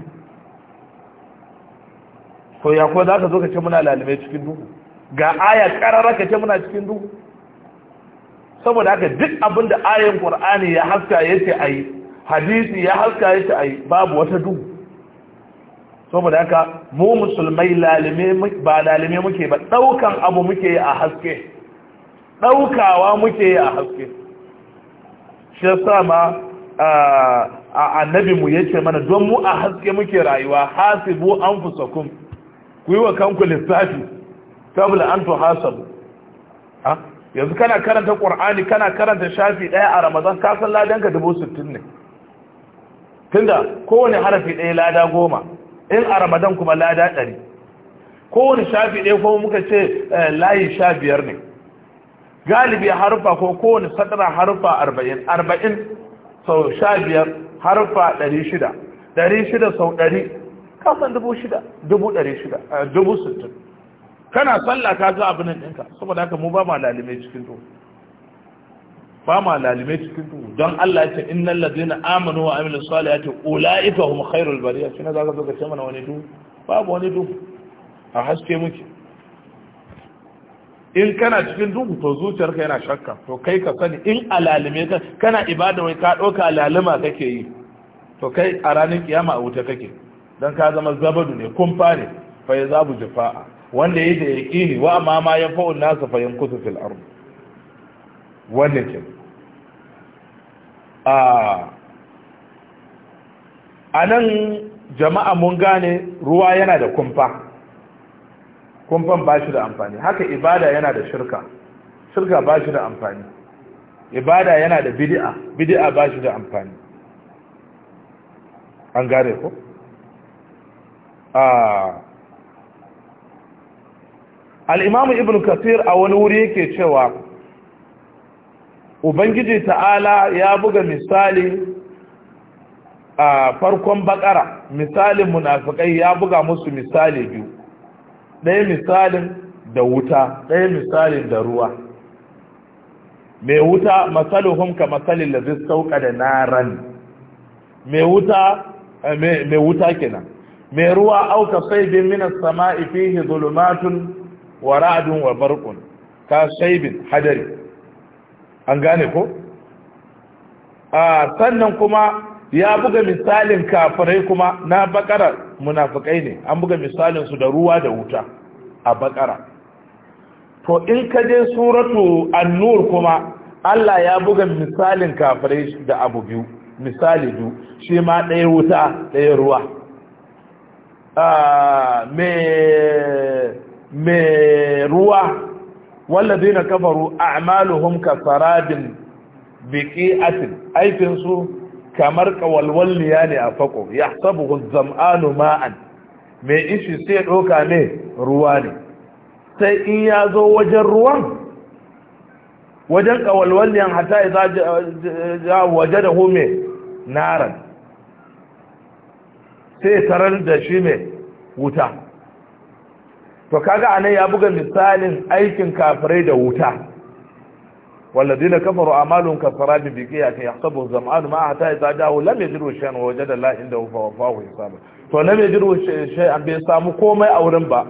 to ya ko za ka zo ka ce muna lalime cikin duhu ga aya karara ka ce muna cikin duhu saboda haka duk abin da ayin ƙur'ani ya haska ya ce a yi hadisi ya haska ya ce a yi babu wata duhu saboda haka mu musulmai ba lalime muke ba ɗaukan abu muke a haske ɗaukawa muke a haske shi yasa ma a annabi mu yake mana don mu a haske muke rayuwa hasibu anfusakum ku yi wa kanku lissafi qabla an tuhasabu ha yanzu kana karanta qur'ani kana karanta shafi daya a ramadan ka san ladan ka 60 ne tunda kowane harafi daya lada goma in a ramadan kuma lada 100 kowane shafi daya kuma muka ce eh, layi 15 ne galibi harfa ko kowane satara harfa arba'in arba'in sau sha biyar harfa ɗari shida ɗari shida sau ɗari kasan dubu shida dubu ɗari shida eh, dubu sittin kana sallah ka zo abin ɗinka saboda haka mu ba ma lalime cikin to ba ma lalime cikin to don Allah ya ce innal ladina amanu wa amilus salihati ulaika hum khairul bariya shi ne zaka zo ka ce mana wani duhu babu wani duhu a haske muke in kana cikin duhu to zuciyarka yana shakka to kai ka sani in alalime ka kana ibada wai ka ɗauka alalima kake yi to kai a ranar kiyama a wuta kake don ka zama zabadu ne kumfa ne fa ya zabu jifa'a wanda ya da yaƙini wa amma ma ya fa'un nasa fa yankusu fil ardh wannan ke a nan jama'a mun gane ruwa yana da kumfa ban ba shi da amfani haka ibada yana da shirka shirka ba shi da amfani ibada yana da bidi'a bidi'a ba shi da amfani an gare ko al'imamu ibn kasir a wani wuri yake cewa ubangiji ta'ala ya buga misali a farkon bakara misalin munafikai ya buga musu misali biyu ɗaya misalin da wuta ɗaya misalin da ruwa mai wuta masaluhum ka masalin da zai sauka da naran mai wuta eh, mai wuta kenan mai ruwa auka saibin minas sama'i fihi zulumatun wa ra'adun wa barkun ka saibin hadari an gane ko a ah, sannan kuma ya buga misalin kafirai kuma na bakara munafikai ne an buga misalin su da ruwa da wuta a bakara to in ka je suratu an-nur kuma Allah ya buga misalin kafirai da abu biyu misali biyu shi ma ɗaya wuta ɗaya ruwa ah, Me ruwa wallazi na kafaru a'maluhum kasaradin biqi'atin aikinsu kamar kawalwalliya ne a fako ya sabu zam'anu ma'an mai ishi sai ɗoka ne ruwa ne sai in ya zo wajen ruwan wajen kawalwalliyan hata ya waje da hume naran sai tarar da shi mai wuta to kaga anan ya buga misalin aikin kafirai da wuta والذين كفروا أعمالهم كسراب بقيعة يحسبه الظمآن ما حتى إذا جاءه لم يجده شيئا ووجد الله عنده فوفاه حسابه فلم يجده شيئا بإسامه كوما أو رمبا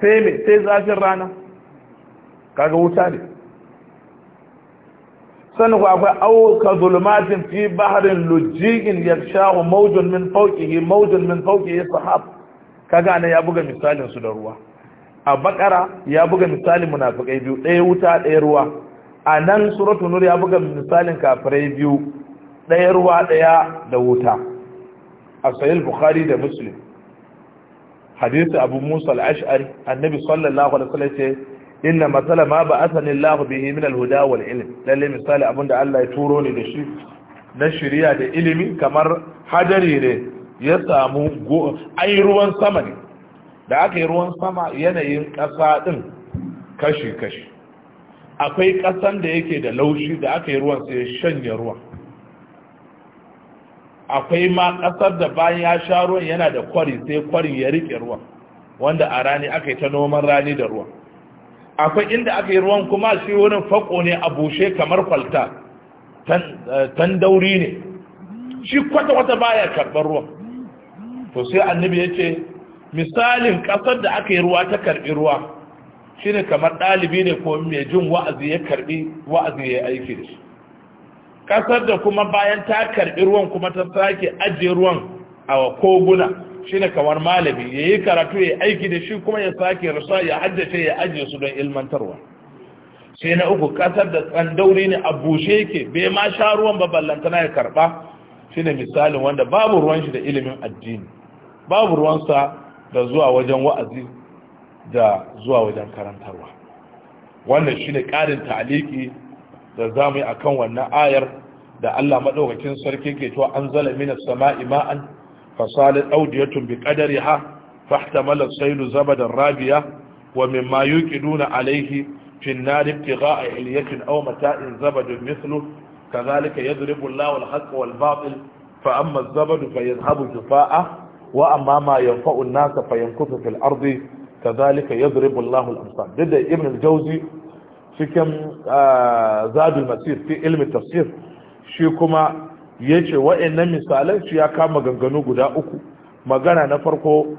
سيمي سيزافر رانا kaga wuta ne sannan ku akwai auka zulmatin fi baharin lujjigin ya sha'u maujin min fauƙihi maujin min fauƙihi sahab kaga ana ya buga misalin su da ruwa a bakara ya buga misalin munafikai biyu ɗaya wuta ɗaya ruwa a nan suratu nur ya buga misalin kafirai biyu ɗaya ruwa ɗaya da wuta a sahih bukhari da muslim hadisi abu musa al-ash'ari annabi sallallahu alaihi wasallam ce inna masala ma ba'athani Allah bihi min al-huda wal ilm lalle misali da Allah ya turo ni da shi na shirya da ilimi kamar hadari ne ya samu ai ruwan sama ne da aka yi ruwan sama yanayin ƙasa ɗin kashi kashi akwai ƙasan da yake da laushi da aka yi ruwan sai ya shanye ruwan akwai ma ƙasar da bayan ya sha ruwan yana da kwari sai kwarin ya riƙe ruwan wanda a rani aka yi ta noman rani da ruwan akwai inda aka yi ruwan kuma shi wurin fako ne a bushe kamar kwalta Tan eh, dauri ne shi kwata-kwata baya karɓar ruwan to sai annabi ya ce misalin ƙasar da aka yi ruwa ta karɓi ruwa shine kamar ɗalibi ne ko mai jin wa'azi ya karbi wa'azi ya aiki da shi kasar da kuma bayan ta karbi ruwan kuma ta sake ajiye ruwan a koguna shine kamar malami ya yi karatu ya aiki da shi kuma ya sake rasa ya haddace ya ajiye su don ilmantarwa sai na uku kasar da tsandauri ne a bushe yake bai ma sha ruwan ba ballantana ya karba shine misalin wanda babu ruwan shi da ilimin addini babu ruwansa da zuwa wajen wa'azi da zuwa wajen karantarwa wannan shi ne ƙarin ta'aliki da za mu yi a kan wannan ayar da Allah maɗaukakin sarki ke to an zala mina sama'i ma'an fasalin audiyatun bi ƙadari ha fahtamala sailu da rabiya wa min ma alaihi alayhi fi an-nar ibtigha'a hilyatin aw mata'in zabadun Ka kadhalika yadribu Allahu al-haqqa wal-batil fa amma az-zabadu fayadhhabu jufaa'a wa amma ma yanfa'u an-nasa kusa fil ardi kazalika yadribu Allahu al-amsal duk ibn al-jawzi cikin ah, zadul masir fi ilmi tafsir shi kuma yace wa'annan misalan shi ya kama ganganu guda uku magana na farko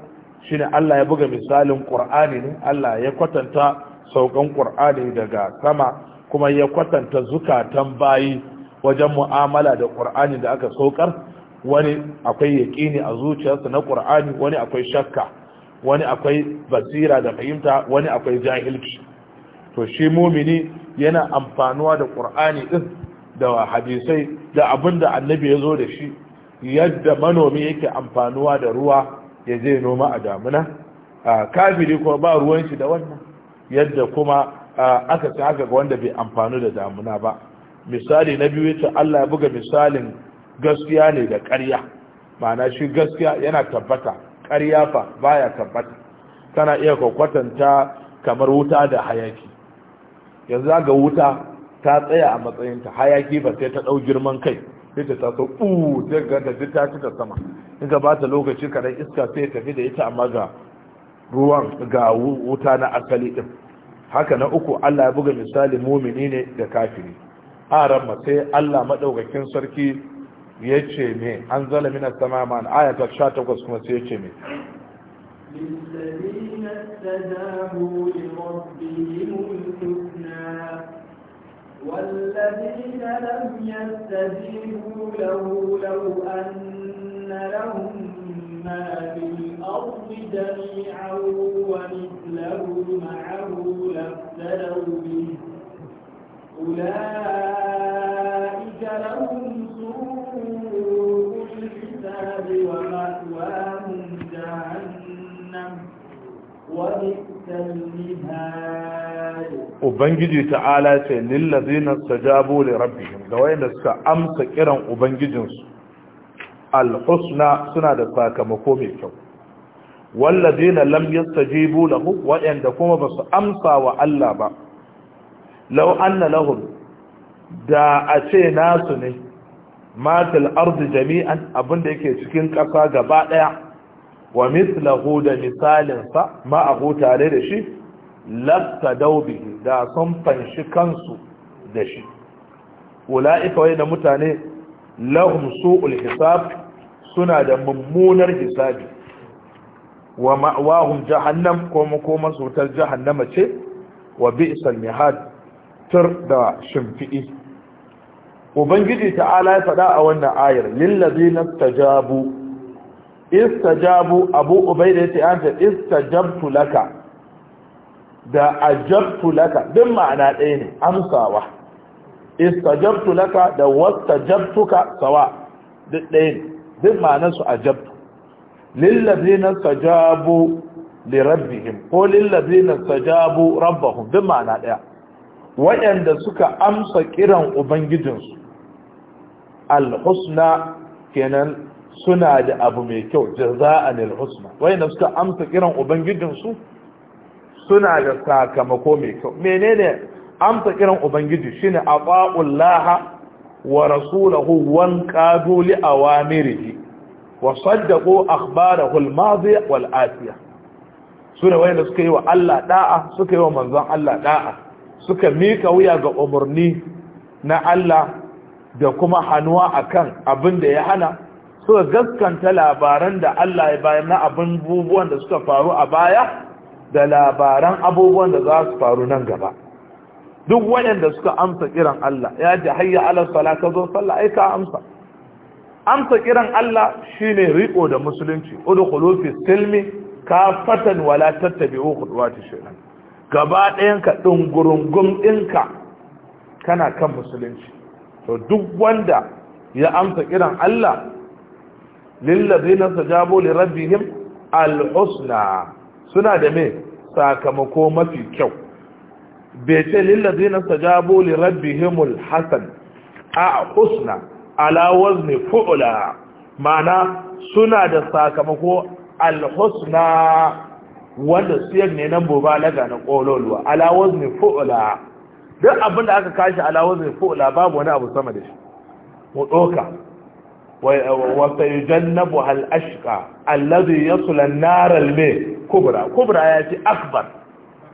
shine Allah ya buga misalin Qur'ani ne Allah ya kwatanta saukan Qur'ani daga sama kuma ya kwatanta zukatan bayi wajen mu'amala da Qur'ani da aka saukar wani akwai yaqini a zuciyarsa na Qur'ani wani akwai shakka wani akwai basira da fahimta wani akwai jahilci to shi mumini yana amfanuwa da qur'ani din da hadisai da da annabi ya zo da shi yadda manomi yake amfanuwa da ruwa ya je noma a damuna kafiri kuma ba ruwan shi da wannan yadda kuma aka ci haka ga wanda bai amfanu da damuna ba misali na biyu yace Allah ya buga misalin gaskiya ne da ƙarya ma'ana shi gaskiya yana tabbata ƙarya fa baya tabbata kana iya kwakwatanta kamar wuta da hayaki yanzu ga wuta ta tsaya a matsayinta hayaki ba sai ta ɗau girman kai sai ta taso u sai ga ta ta ci ta sama in ka bata lokaci kadan iska sai ta fi da ita amma ga ruwan ga wuta na asali din haka na uku Allah ya buga misali mumini ne da kafiri aran sai Allah madaukakin sarki ya ce me an zala mina sama ma an aya ta sha takwas kuma sai ya ce me للذين استجابوا لربهم الحسنى والذين لم يستجيبوا له لو أن لهم ما في الأرض جميعا ومثله معه لافتدوا به أولئك لهم Ubangiji ta'ala ce lillazina tajabu da rabbihim ga wayanda suka amsa kiran ubangijinsu Al-husna suna da sakamako mai kyau wallazina lam yastajibu lahu wayanda kuma basu amsa wa Allah ba law anna da a ce nasu ne Matal ardi jami'an abinda yake cikin ƙasa gaba ɗaya. wa mislahu da misalinsa ma'ahu tare da shi lafta daubihi da sun fanshi kansu da shi ula'ika da mutane lahum su'ul hisab suna da mummunar hisabi wa ma'awahum jahannam koma makoman sutar jahannama ce wa bi'sal mihad tur da shimfi'i ubangiji ta'ala ya faɗa a wannan ayar lillazina tajabu istajabu abu ubaida yace ta istajabtu laka da ajabtu laka din ma'ana ɗaya ne amsawa istajabtu laka da wastajabtuka sawa duk ɗaya ne din ma'ana su ajabtu lillazina stajabu li rabbihim ko lillazina stajabu rabbahum din ma'ana ɗaya waɗanda suka amsa kiran ubangijinsu al-husna kenan suna da abu mai kyau jaza'an al-husna wayanda suka amsa kiran su suna da sakamako mai kyau menene amsa kiran ubangiji shine aqa'ullah wa rasulahu wan qadu li awamirihi wa saddaqu akhbarahu al-madiya wal atiya suna wayanda suka yi wa Allah da'a suka yi wa manzon Allah da'a suka mika wuya ga umurni na Allah da kuma hanuwa akan abin da ya hana suka gaskanta labaran da Allah ya bayar na abin abubuwan da suka faru a baya da labaran abubuwan da za su faru nan gaba duk waɗanda suka amsa kiran Allah ya ji hayya ala sala ka zo sallah ai ka amsa amsa kiran Allah shine riko da musulunci udkhulu fi silmi kafatan wala tattabi'u khutuwati shaytan gaba ɗayan ka dungurungum ɗinka kana kan musulunci to duk wanda ya amsa kiran Allah lillazina tajabu li rabbihim alhusna suna da me sakamako mafi kyau bai ce lillazina tajabu li rabbihim alhasan a husna ala wazni fu'la ma'ana suna da sakamako alhusna wanda siyar ne nan mubalaga na kololuwa ala wazni fu'la duk abin da aka kashi ala wazni fu'la babu wani abu sama da shi mu doka wata ashqa allazi yasla an-nar al-may kubra kubra yati akbar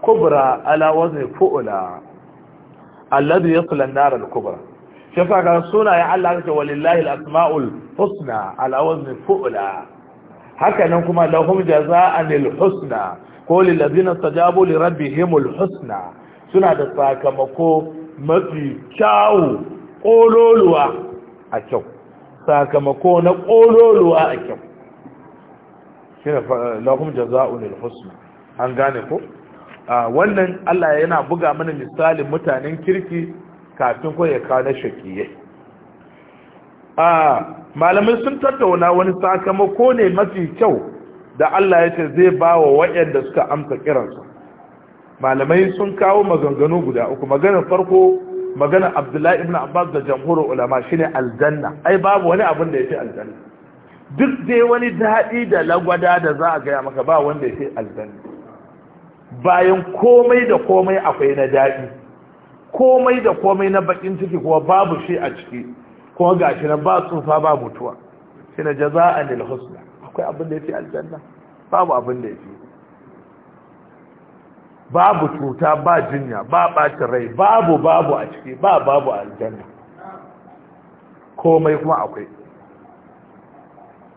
kubra ala wazni fu'la allazi yasla an-nar al-kubra shafa ga suna ya Allah ce wallahi asmaul husna ala wazni fu'la haka nan kuma lahum jazaa'an al-husna qul allazina stajabu li rabbihim husna suna da sakamako mafi kyau kololuwa a kyau. sakamako na ƙololuwa a kyau shi ne lahum jaza'un al-husna an gane ko wannan Allah yana buga mana misalin mutanen kirki kafin ko ya kawo na shakiye malamai sun tattauna wani sakamako ne mafi kyau da Allah ya ce zai ba wa waɗanda suka amsa kiransa malamai sun kawo maganganu guda uku maganar farko magana abdullahi ibn abbas da jamhurin ulama shine aljanna ai babu wani abin da ya fi aljanna duk dai wani daɗi da lagwada da za a gaya maka ba wanda ya fi aljanna bayan komai da komai akwai na daɗi komai da komai na bakin ciki kuma babu shi a ciki kuma gashi na ba tsufa ba mutuwa shine na jaza'an lil husna akwai abin da ya fi aljanna babu abin da ya fi babu cuta ba jinya ba ɓata rai babu babu a ciki ba babu aljanna komai kuma akwai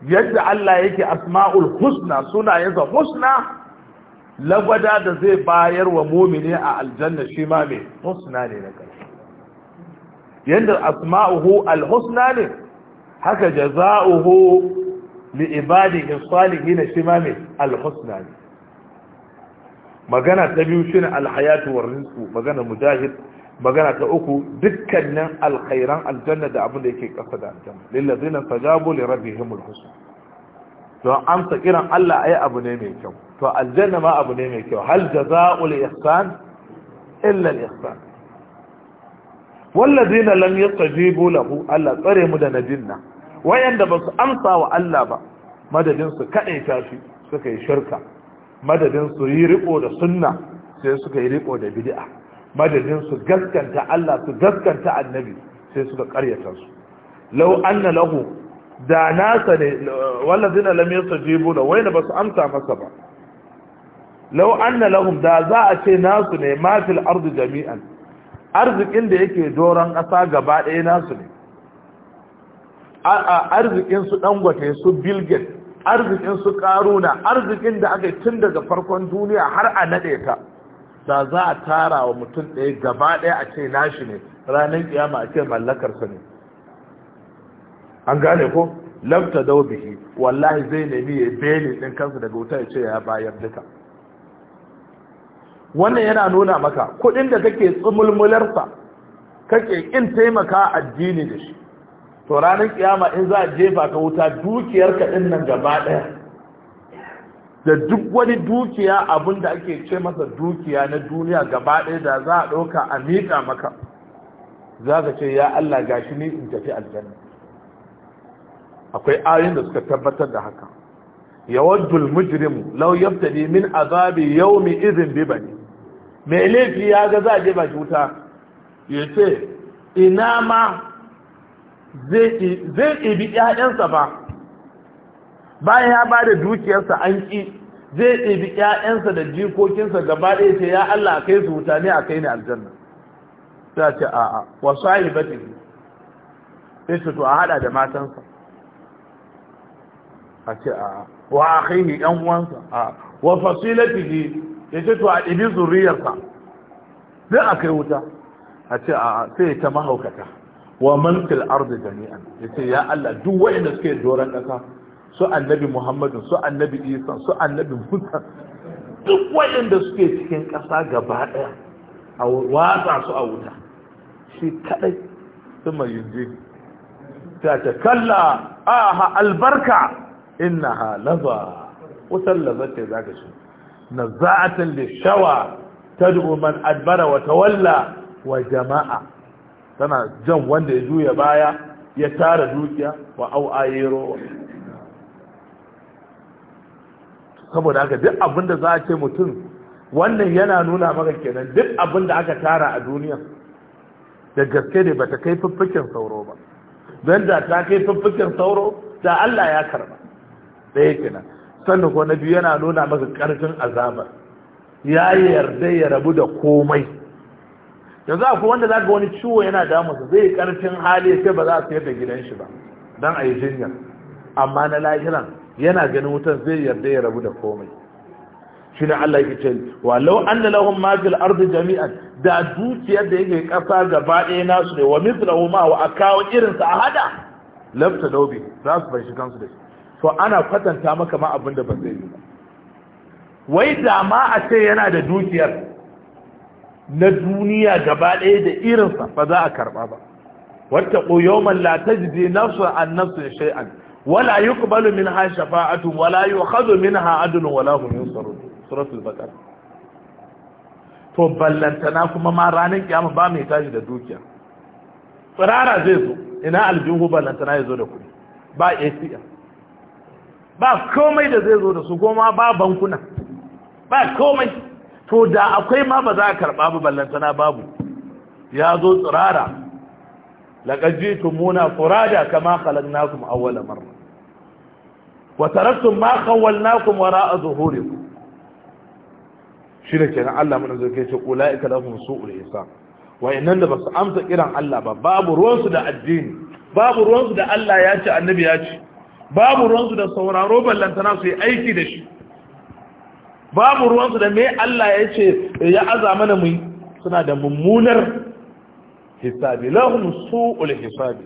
yadda Allah yake asma'ul husna suna yanzu husna lagwada da zai bayar wa mumini a aljanna shi ma mai husna ne na ƙarfi yadda asma'uhu al ne haka jaza'uhu li ibadihi salihin shi ma mai al ne magana ta biyu shine alhayatu war rizqu magana mujahid magana ta uku dukkanin alkhairan aljanna da abin da yake kasa da aljanna lillazina tajabu li rabbihim alhusn don amsa kiran Allah ai abu ne mai kyau to aljanna ma abu ne mai kyau hal jazaa'ul ihsan illa al-ihsan wallazina lam yastajibu lahu Allah tsare mu da najinna wayanda ba su amsa wa Allah ba madadin su kadai tashi suka yi shirka madadin su yi riko da sunna sai suka yi riko da bid'a madadin su gaskanta Allah su gaskanta annabi sai suka karyata su law anna lahu da nasa ne wallazina lam yastajibu la wayna basu amsa masa ba law anna lahum da za a ce nasu ne ma fil ardi jami'an arzikin da yake doran kasa gaba ɗaya nasu ne arzikin su dangote su bilgate arzikin su karuna arzikin da aka yi tun daga farkon duniya har a naɗe ta da za a tara wa mutum ɗaya gaba ɗaya a ce nashi ne ranar kiyama a ce mallakarsa ne an gane ko lafta dau bihi wallahi zai nemi ya bene ɗin kansa daga wuta ya ce ya bayar duka wannan yana nuna maka kuɗin da kake tsumulmularsa kake ƙin taimaka addini da shi to ranar kiyama in za a jefa ka wuta dukiyarka din nan gaba daya da duk wani dukiya abin da ake ce masa dukiya na duniya gaba daya da za a ɗauka a miƙa maka za ka ce ya Allah gashi ni in tafi aljanna akwai ayoyin da suka tabbatar da haka yawadul mujrimu law yabtadi min azabi yawmi idhin bi bani mai laifi ya ga za a jefa shi wuta ya ce ina ma zai ɗibi ‘ya'yansa ba bayan ya ba da dukiyarsa an ƙi zai ɗibi ‘ya'yansa da jikokinsa gaba ɗaya ce ya Allah kai su wuta ne a kai ne aljanna ta ce a wasu ayi ba ce sai ce to a haɗa da matansa a ce a wa a kai ne ‘yan uwansa a'a wa fasilatihi ya ce to a ɗibi zuriyarsa zai a kai wuta a ce a'a sai ta mahaukata wa man fil ardi ya yace ya Allah duk wayanda suke doran kasa su annabi Muhammadu su annabi Isa su annabi Musa duk wayanda suke cikin ƙasa gaba ɗaya a watsa su a wuta shi kadai kuma yinji ta ta kalla aha albarka innaha laba wutar laba ce zaka shi nazza'atan lishawa tad'u man adbara wa tawalla wa jama'a tana jan wanda ya juya baya ya tara dukiya wa au ayero saboda haka duk abin za a ce mutum wannan yana nuna maka kenan duk abin aka tara a duniya da gaske ne bata kai fiffikin sauro ba don da ta kai fiffikin sauro da Allah ya karba ɗaya kenan sannan ko na biyu yana nuna maka ƙarfin azabar ya yarda ya rabu da komai yanzu akwai wanda za ga wani ciwo yana damusa zai karfin hali sai ba za a sayar da gidan shi ba don a yi jinya amma na lahiran yana ganin wutan zai yarda ya rabu da komai shi ne Allah ya ce walau anna lahum ma fil ardi jami'an da dukiyar da yake kasa gaba ɗaya nasu ne wa mithlahu ma wa akawo irin sa a hada lafta daubi za su bai kansu da shi to ana kwatanta maka ma abin da ba zai yi wai da ma a ce yana da dukiyar na duniya gaba ɗaya da irinsa ba za a karɓa ba wata ƙoyoman latajide nafsu an nafsu shay'an wala min minha shafa'atu wala yu'khadhu minha adlun wala hum yunsarun suratul baqara to ballantana kuma ma ranar kiyama ba mai tashi da dukiya tsirara zai zo ina aljihu ballantana ya zo da kuɗi ba A.C.M. ba komai da zai zo da su goma ba bankuna ba komai to da akwai ma ba za a karɓa ba ballantana babu ya zo tsirara laqad jitumuna furada kama khalaqnakum awwala marra wa taraktum ma khawwalnakum wara'a zuhurikum shi da kenan Allah mana zai ce ulaika lahum su'ul hisab wayannan da ba su amsa kiran Allah ba babu ruwansu da addini babu ruwansu da Allah ya ci annabi ya ce babu ruwansu da sauraro ballantana su yi aiki da shi babu ruwansu da mai Allah ya ce ya aza mana mai suna da mummunar hisabi lahum su'ul hisabi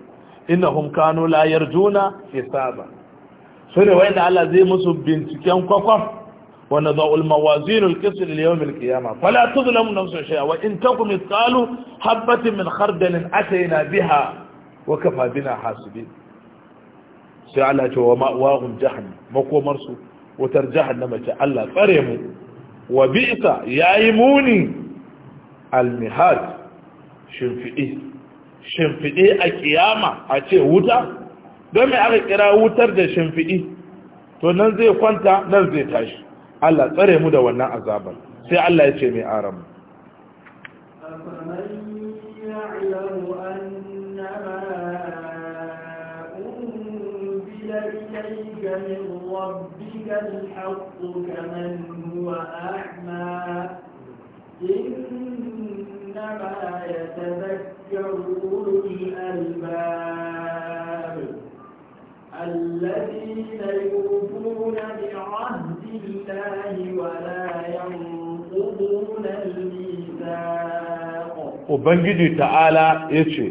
innahum kanu layar juna, hisaba sai wai da Allah zai musu binciken kwakwaf wa nadha'u al-mawazin al-qist li yawm al-qiyamah fala tudlamu in takum mithqalu habatin min khardalin biha wa kafa bina hasibin sai Allah ya ce wa ma'wa'uhum jahannam wutar jahannama ce Allah tsare mu wa bi'sa yayi muni al-mihad shimfi'i shimfi'i a kiyama a ce wuta don me aka kira wutar da shimfi'i to nan zai kwanta nan zai tashi Allah tsare mu da wannan azabar sai Allah ya ce mai aramu من ربك ربك الحق كمن هو أعمى إنما يتذكر أولو الألباب الذين يوفون بعهد الله ولا ينقضون الميثاق وبنجد تعالى يشي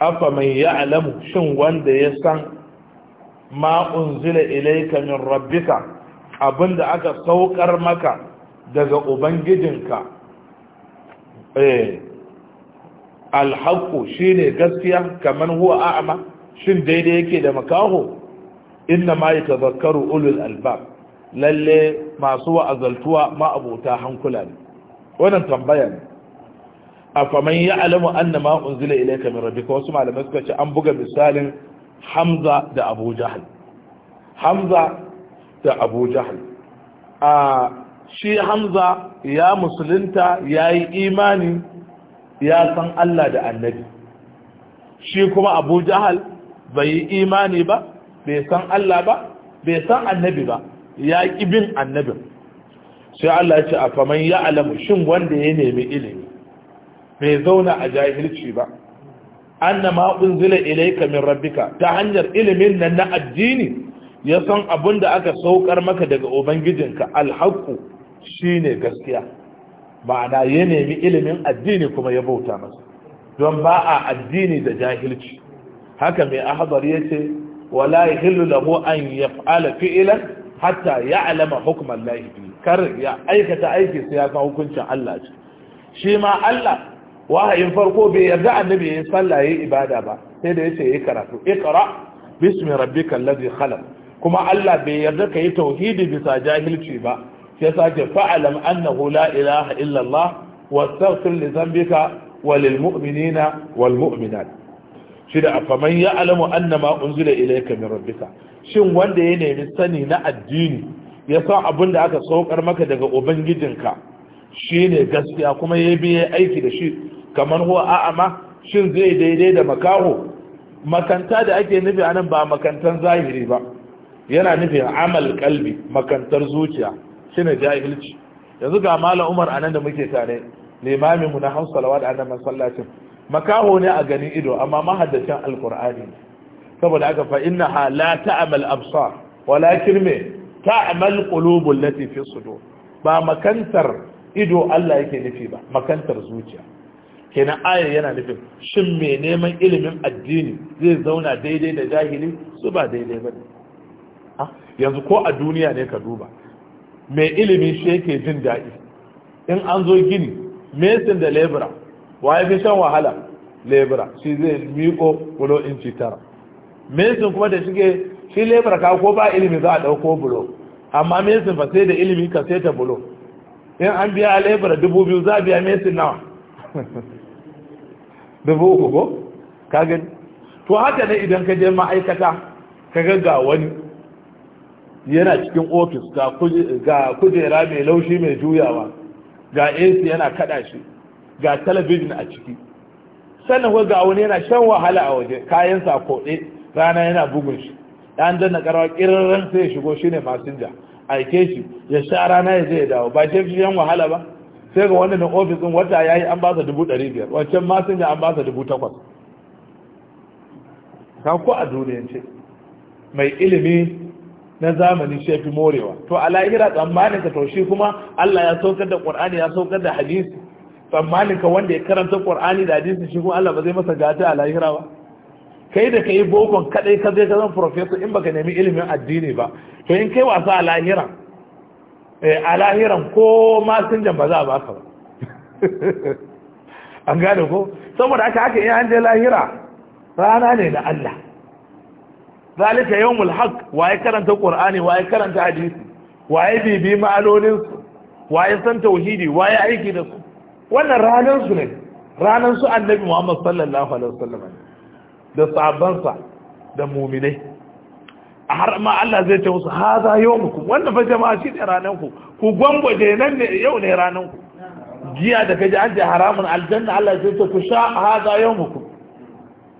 أفمن يعلم شن وند يسان ma unzila ilayka min rabbika abinda aka saukar maka daga ubangijinka eh alhaqu shine gaskiya kaman huwa a'ma shin daidai yake da makaho inna ma yatazakkaru ulul albab lalle masu wa'azaltuwa ma abota hankula ne wannan tambaya ne a faman ya'lamu anna ma unzila ilayka min rabbika wasu malamai suka ce an buga misalin hamza da abu jahal hamza da abu jahal a shi hamza ya musulunta ya yi imani ya san Allah da annabi shi kuma abu jahal bai yi imani ba bai san Allah ba bai san annabi ba ya ƙi bin annabin sai Allah ce a faman ya alamu shin wanda ya nemi ilimi bai zauna a jahilci ba anna ma unzila ilayka min rabbika ta hanyar ilimin nan na addini ya san abin da aka saukar maka daga ubangijinka alhaqu shine gaskiya ma'ana ya nemi ilimin addini kuma ya bauta masa don ba a addini da jahilci haka mai ahadar ya ce wala yahillu lahu an yaf'ala fi'lan hatta ya'lama hukman lahi kar ya aikata aiki sai ya san hukuncin Allah shi ma Allah wahayin farko bai yarda annabi ya sallah yayi ibada ba sai da yace yayi karatu ikra bismi rabbikal ladhi khalaq kuma Allah bai yarda yi tauhidi bisa jahilci ba sai sake fa'alam annahu la ilaha illa Allah wastaghfir li dhanbika walil mu'minina wal mu'minat shida afaman ya'lamu annama unzila ilayka min rabbika shin wanda ya nemi sani na addini ya san abin da aka saukar maka daga ubangijinka shine gaskiya kuma ya biye aiki da shi kamar huwa a'ama shin zai daidai da makaho makanta da ake nufi anan ba makantan zahiri ba yana nufin amal kalbi makantar zuciya shine jahilci yanzu ga malam Umar anan da muke tare limaminmu mu na Hausawa da annan masallacin makaho ne a ganin ido amma mahaddacin alqur'ani saboda aka fa innaha la ta'mal absar walakin me ta'mal qulubul lati fi sudur ba makantar ido Allah yake nufi ba makantar zuciya kenan ayar yana nufin shin mai neman ilimin addini zai zauna daidai da jahili su ba daidai ba ah, yanzu ko a duniya ne ka duba mai ilimi shi yake jin daɗi in an zo gini mesin da lebura waye fi shan wahala lebura shi zai miko bulo inci tara mesin kuma da shige shi lebura ka ko ba ilimi za a ɗauko bulo amma mesin ba sai da ilimi ka sai ta bulo in an biya lebura dubu biyu za a biya mesin nawa sun uku ko ka to haka ne idan ka je ma'aikata ka ga wani yana cikin ofis ga kujera mai laushi mai juyawa ga ac yana kada shi ga talabijin a ciki sannan ga wani yana shan wahala a waje kayan kode rana yana bugun shi dan danna karawa ƙirarren sai shigo shine masinja aike shi ya sha rana ya je ya dawo ba shi yan wahala ba sai ga wannan na ofis din wata yi an ba sa dubu ɗari biyar wancan ma sun an ba sa dubu takwas ka ko a duniyance mai ilimi na zamani shi fi morewa to a lahira tsammanin ka to shi kuma Allah ya saukar da Qur'ani ya saukar da hadisi tsammanin ka wanda ya karanta Qur'ani da hadisi shi kuma Allah ba zai masa gata a lahira ba kai da kai bokon kadai ka zai ka zan professor in baka nemi ilimin addini ba to in kai wasa a lahira Eh, a lahiran ko masinjan ba za a ka ba an gane ko saboda aka haka iya hanjar lahira rana ne na Allah zalika yawmul haq waye karanta qur'ani waye karanta hadisi waye bibi ma'alolin su waye san tauhidi waye aiki da su wannan ranar su ne ranar su annabi Muhammad sallallahu alaihi wasallam da sabansa da mu'minai har ma Allah zai ce musu haza yawmukum wannan fa jama'a shi ne ranan ku ku gwangwaje nan ne yau ne ranan ku jiya da kaje an ce haramun aljanna Allah zai ce ku sha haza yawmukum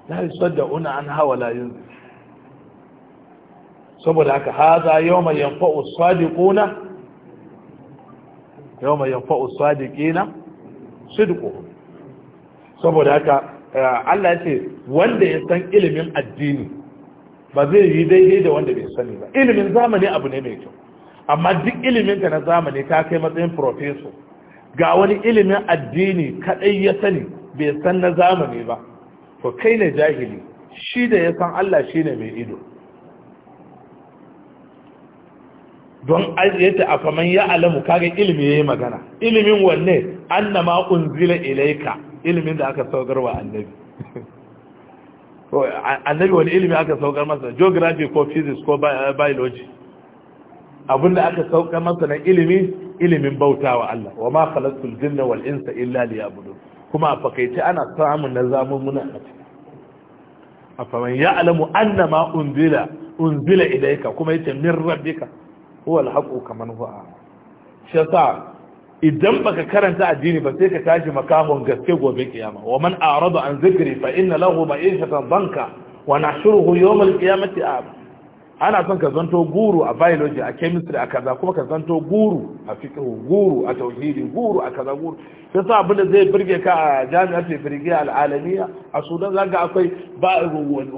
la yusaddauna an hawa la yun saboda haka haza yawma yanfa'u sadiquna yawma yanfa'u sadiqina sidqu saboda haka eh, Allah ya ce wanda ya san ilimin addini ba zai yi daidai da wanda bai sani ba ilimin zamani abu ne mai kyau amma duk ilimin ka na zamani ta kai matsayin profeso ga wani ilimin addini kaɗai ya sani bai san na zamani ba to kai ne jahili shi da ya san Allah shi ne mai ido don ayyata a faman ya alamu kaga ilimi ya yi magana ilimin wanne annama unzila ilaika ilimin da aka saukarwa annabi annabi wani ilimi aka saukar masa geography ko physics ko uh, biology abinda aka saukar masa na ilimi ilimin bautawa Allah wa ma khalaqtul jinna wal insa illa liya'budun kuma a fakaice ana samun na zamuna a ciki a faman ya'lamu annama unzila unzila ilayka kuma yace min rabbika huwa al-haqqu kaman huwa shi yasa idan baka karanta addini ba sai ka tashi makahon gaske gobe kiyama wa man arada an zikri fa inna lahu ma'ishatan banka wa nahshuruhu yawm al-qiyamati a ana son ka zanto guru a biology a chemistry a kaza kuma ka zanto guru a fiqh guru a tauhidi guru a kaza guru sai sa abin da zai burge ka a jami'ar Ibrigiya al-alamiya a Sudan zaka akwai ba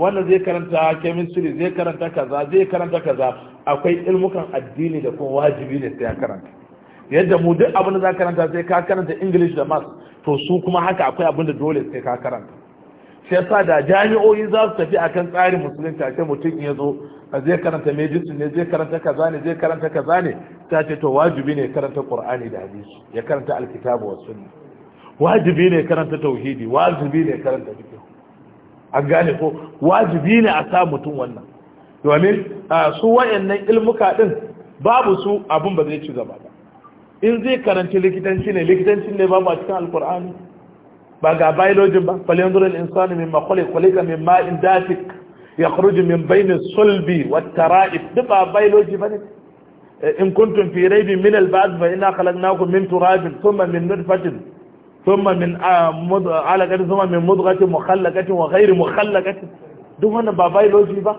wanda zai karanta chemistry zai karanta kaza zai karanta kaza akwai ilmukan addini da kuma wajibi ne sai ya karanta yadda mu duk abin da za karanta sai ka karanta english da math to su kuma haka akwai abin da dole sai ka karanta shi yasa da jami'o'i za su tafi akan tsarin a sai mutum ya zo a zai karanta medicine ne zai karanta kaza ne zai karanta kaza ne ta ce to wajibi ne karanta qur'ani da hadisi ya karanta alkitabu wa sunna wajibi ne karanta tauhidi wajibi ne karanta fiqh an gane ko wajibi ne a sa mutum wannan domin su wayannan ilmuka din babu su abun ba zai ci gaba ba in zai karanci likitanci ne likitanci ne babu a cikin alkur'ani ba ga biology ba falyanzur al-insani mimma khuliq khuliqa min ma'in dafiq yakhruju min bayni sulbi wata taraib duk ba ba ne. Eh, in kuntum fi raybin min al-ba'd fa inna khalaqnakum min turabin thumma min nutfatin thumma min ah, alaqatin thumma min mudghatin mukhallaqatin wa ghayri mukhallaqatin duk wannan ba biology ba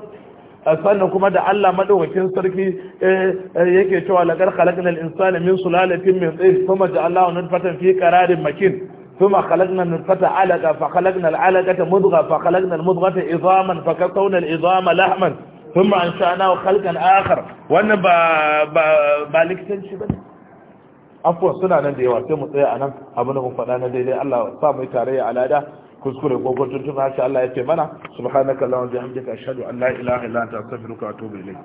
sannan kuma da Allah madaukakin sarki eh, eh, yake cewa laqad khalaqnal insana min sulalatin min tin thumma ja'alnahu nutfatan fi qararin makin ثم خلقنا النطفة علقة فخلقنا العلقة مضغة فخلقنا المضغة عظاما فكسونا العظام لحما ثم أنشأناه خلقا آخر وأن بالك تنشي بني afuwan suna nan da yawa sai mu tsaya anan nan abin da mun faɗa na daidai Allah sa mu tare kuskure ko ko tuntun haka Allah ya ce mana subhanaka zai bihamdika ashhadu an la ilaha illa anta astaghfiruka wa atubu ilayk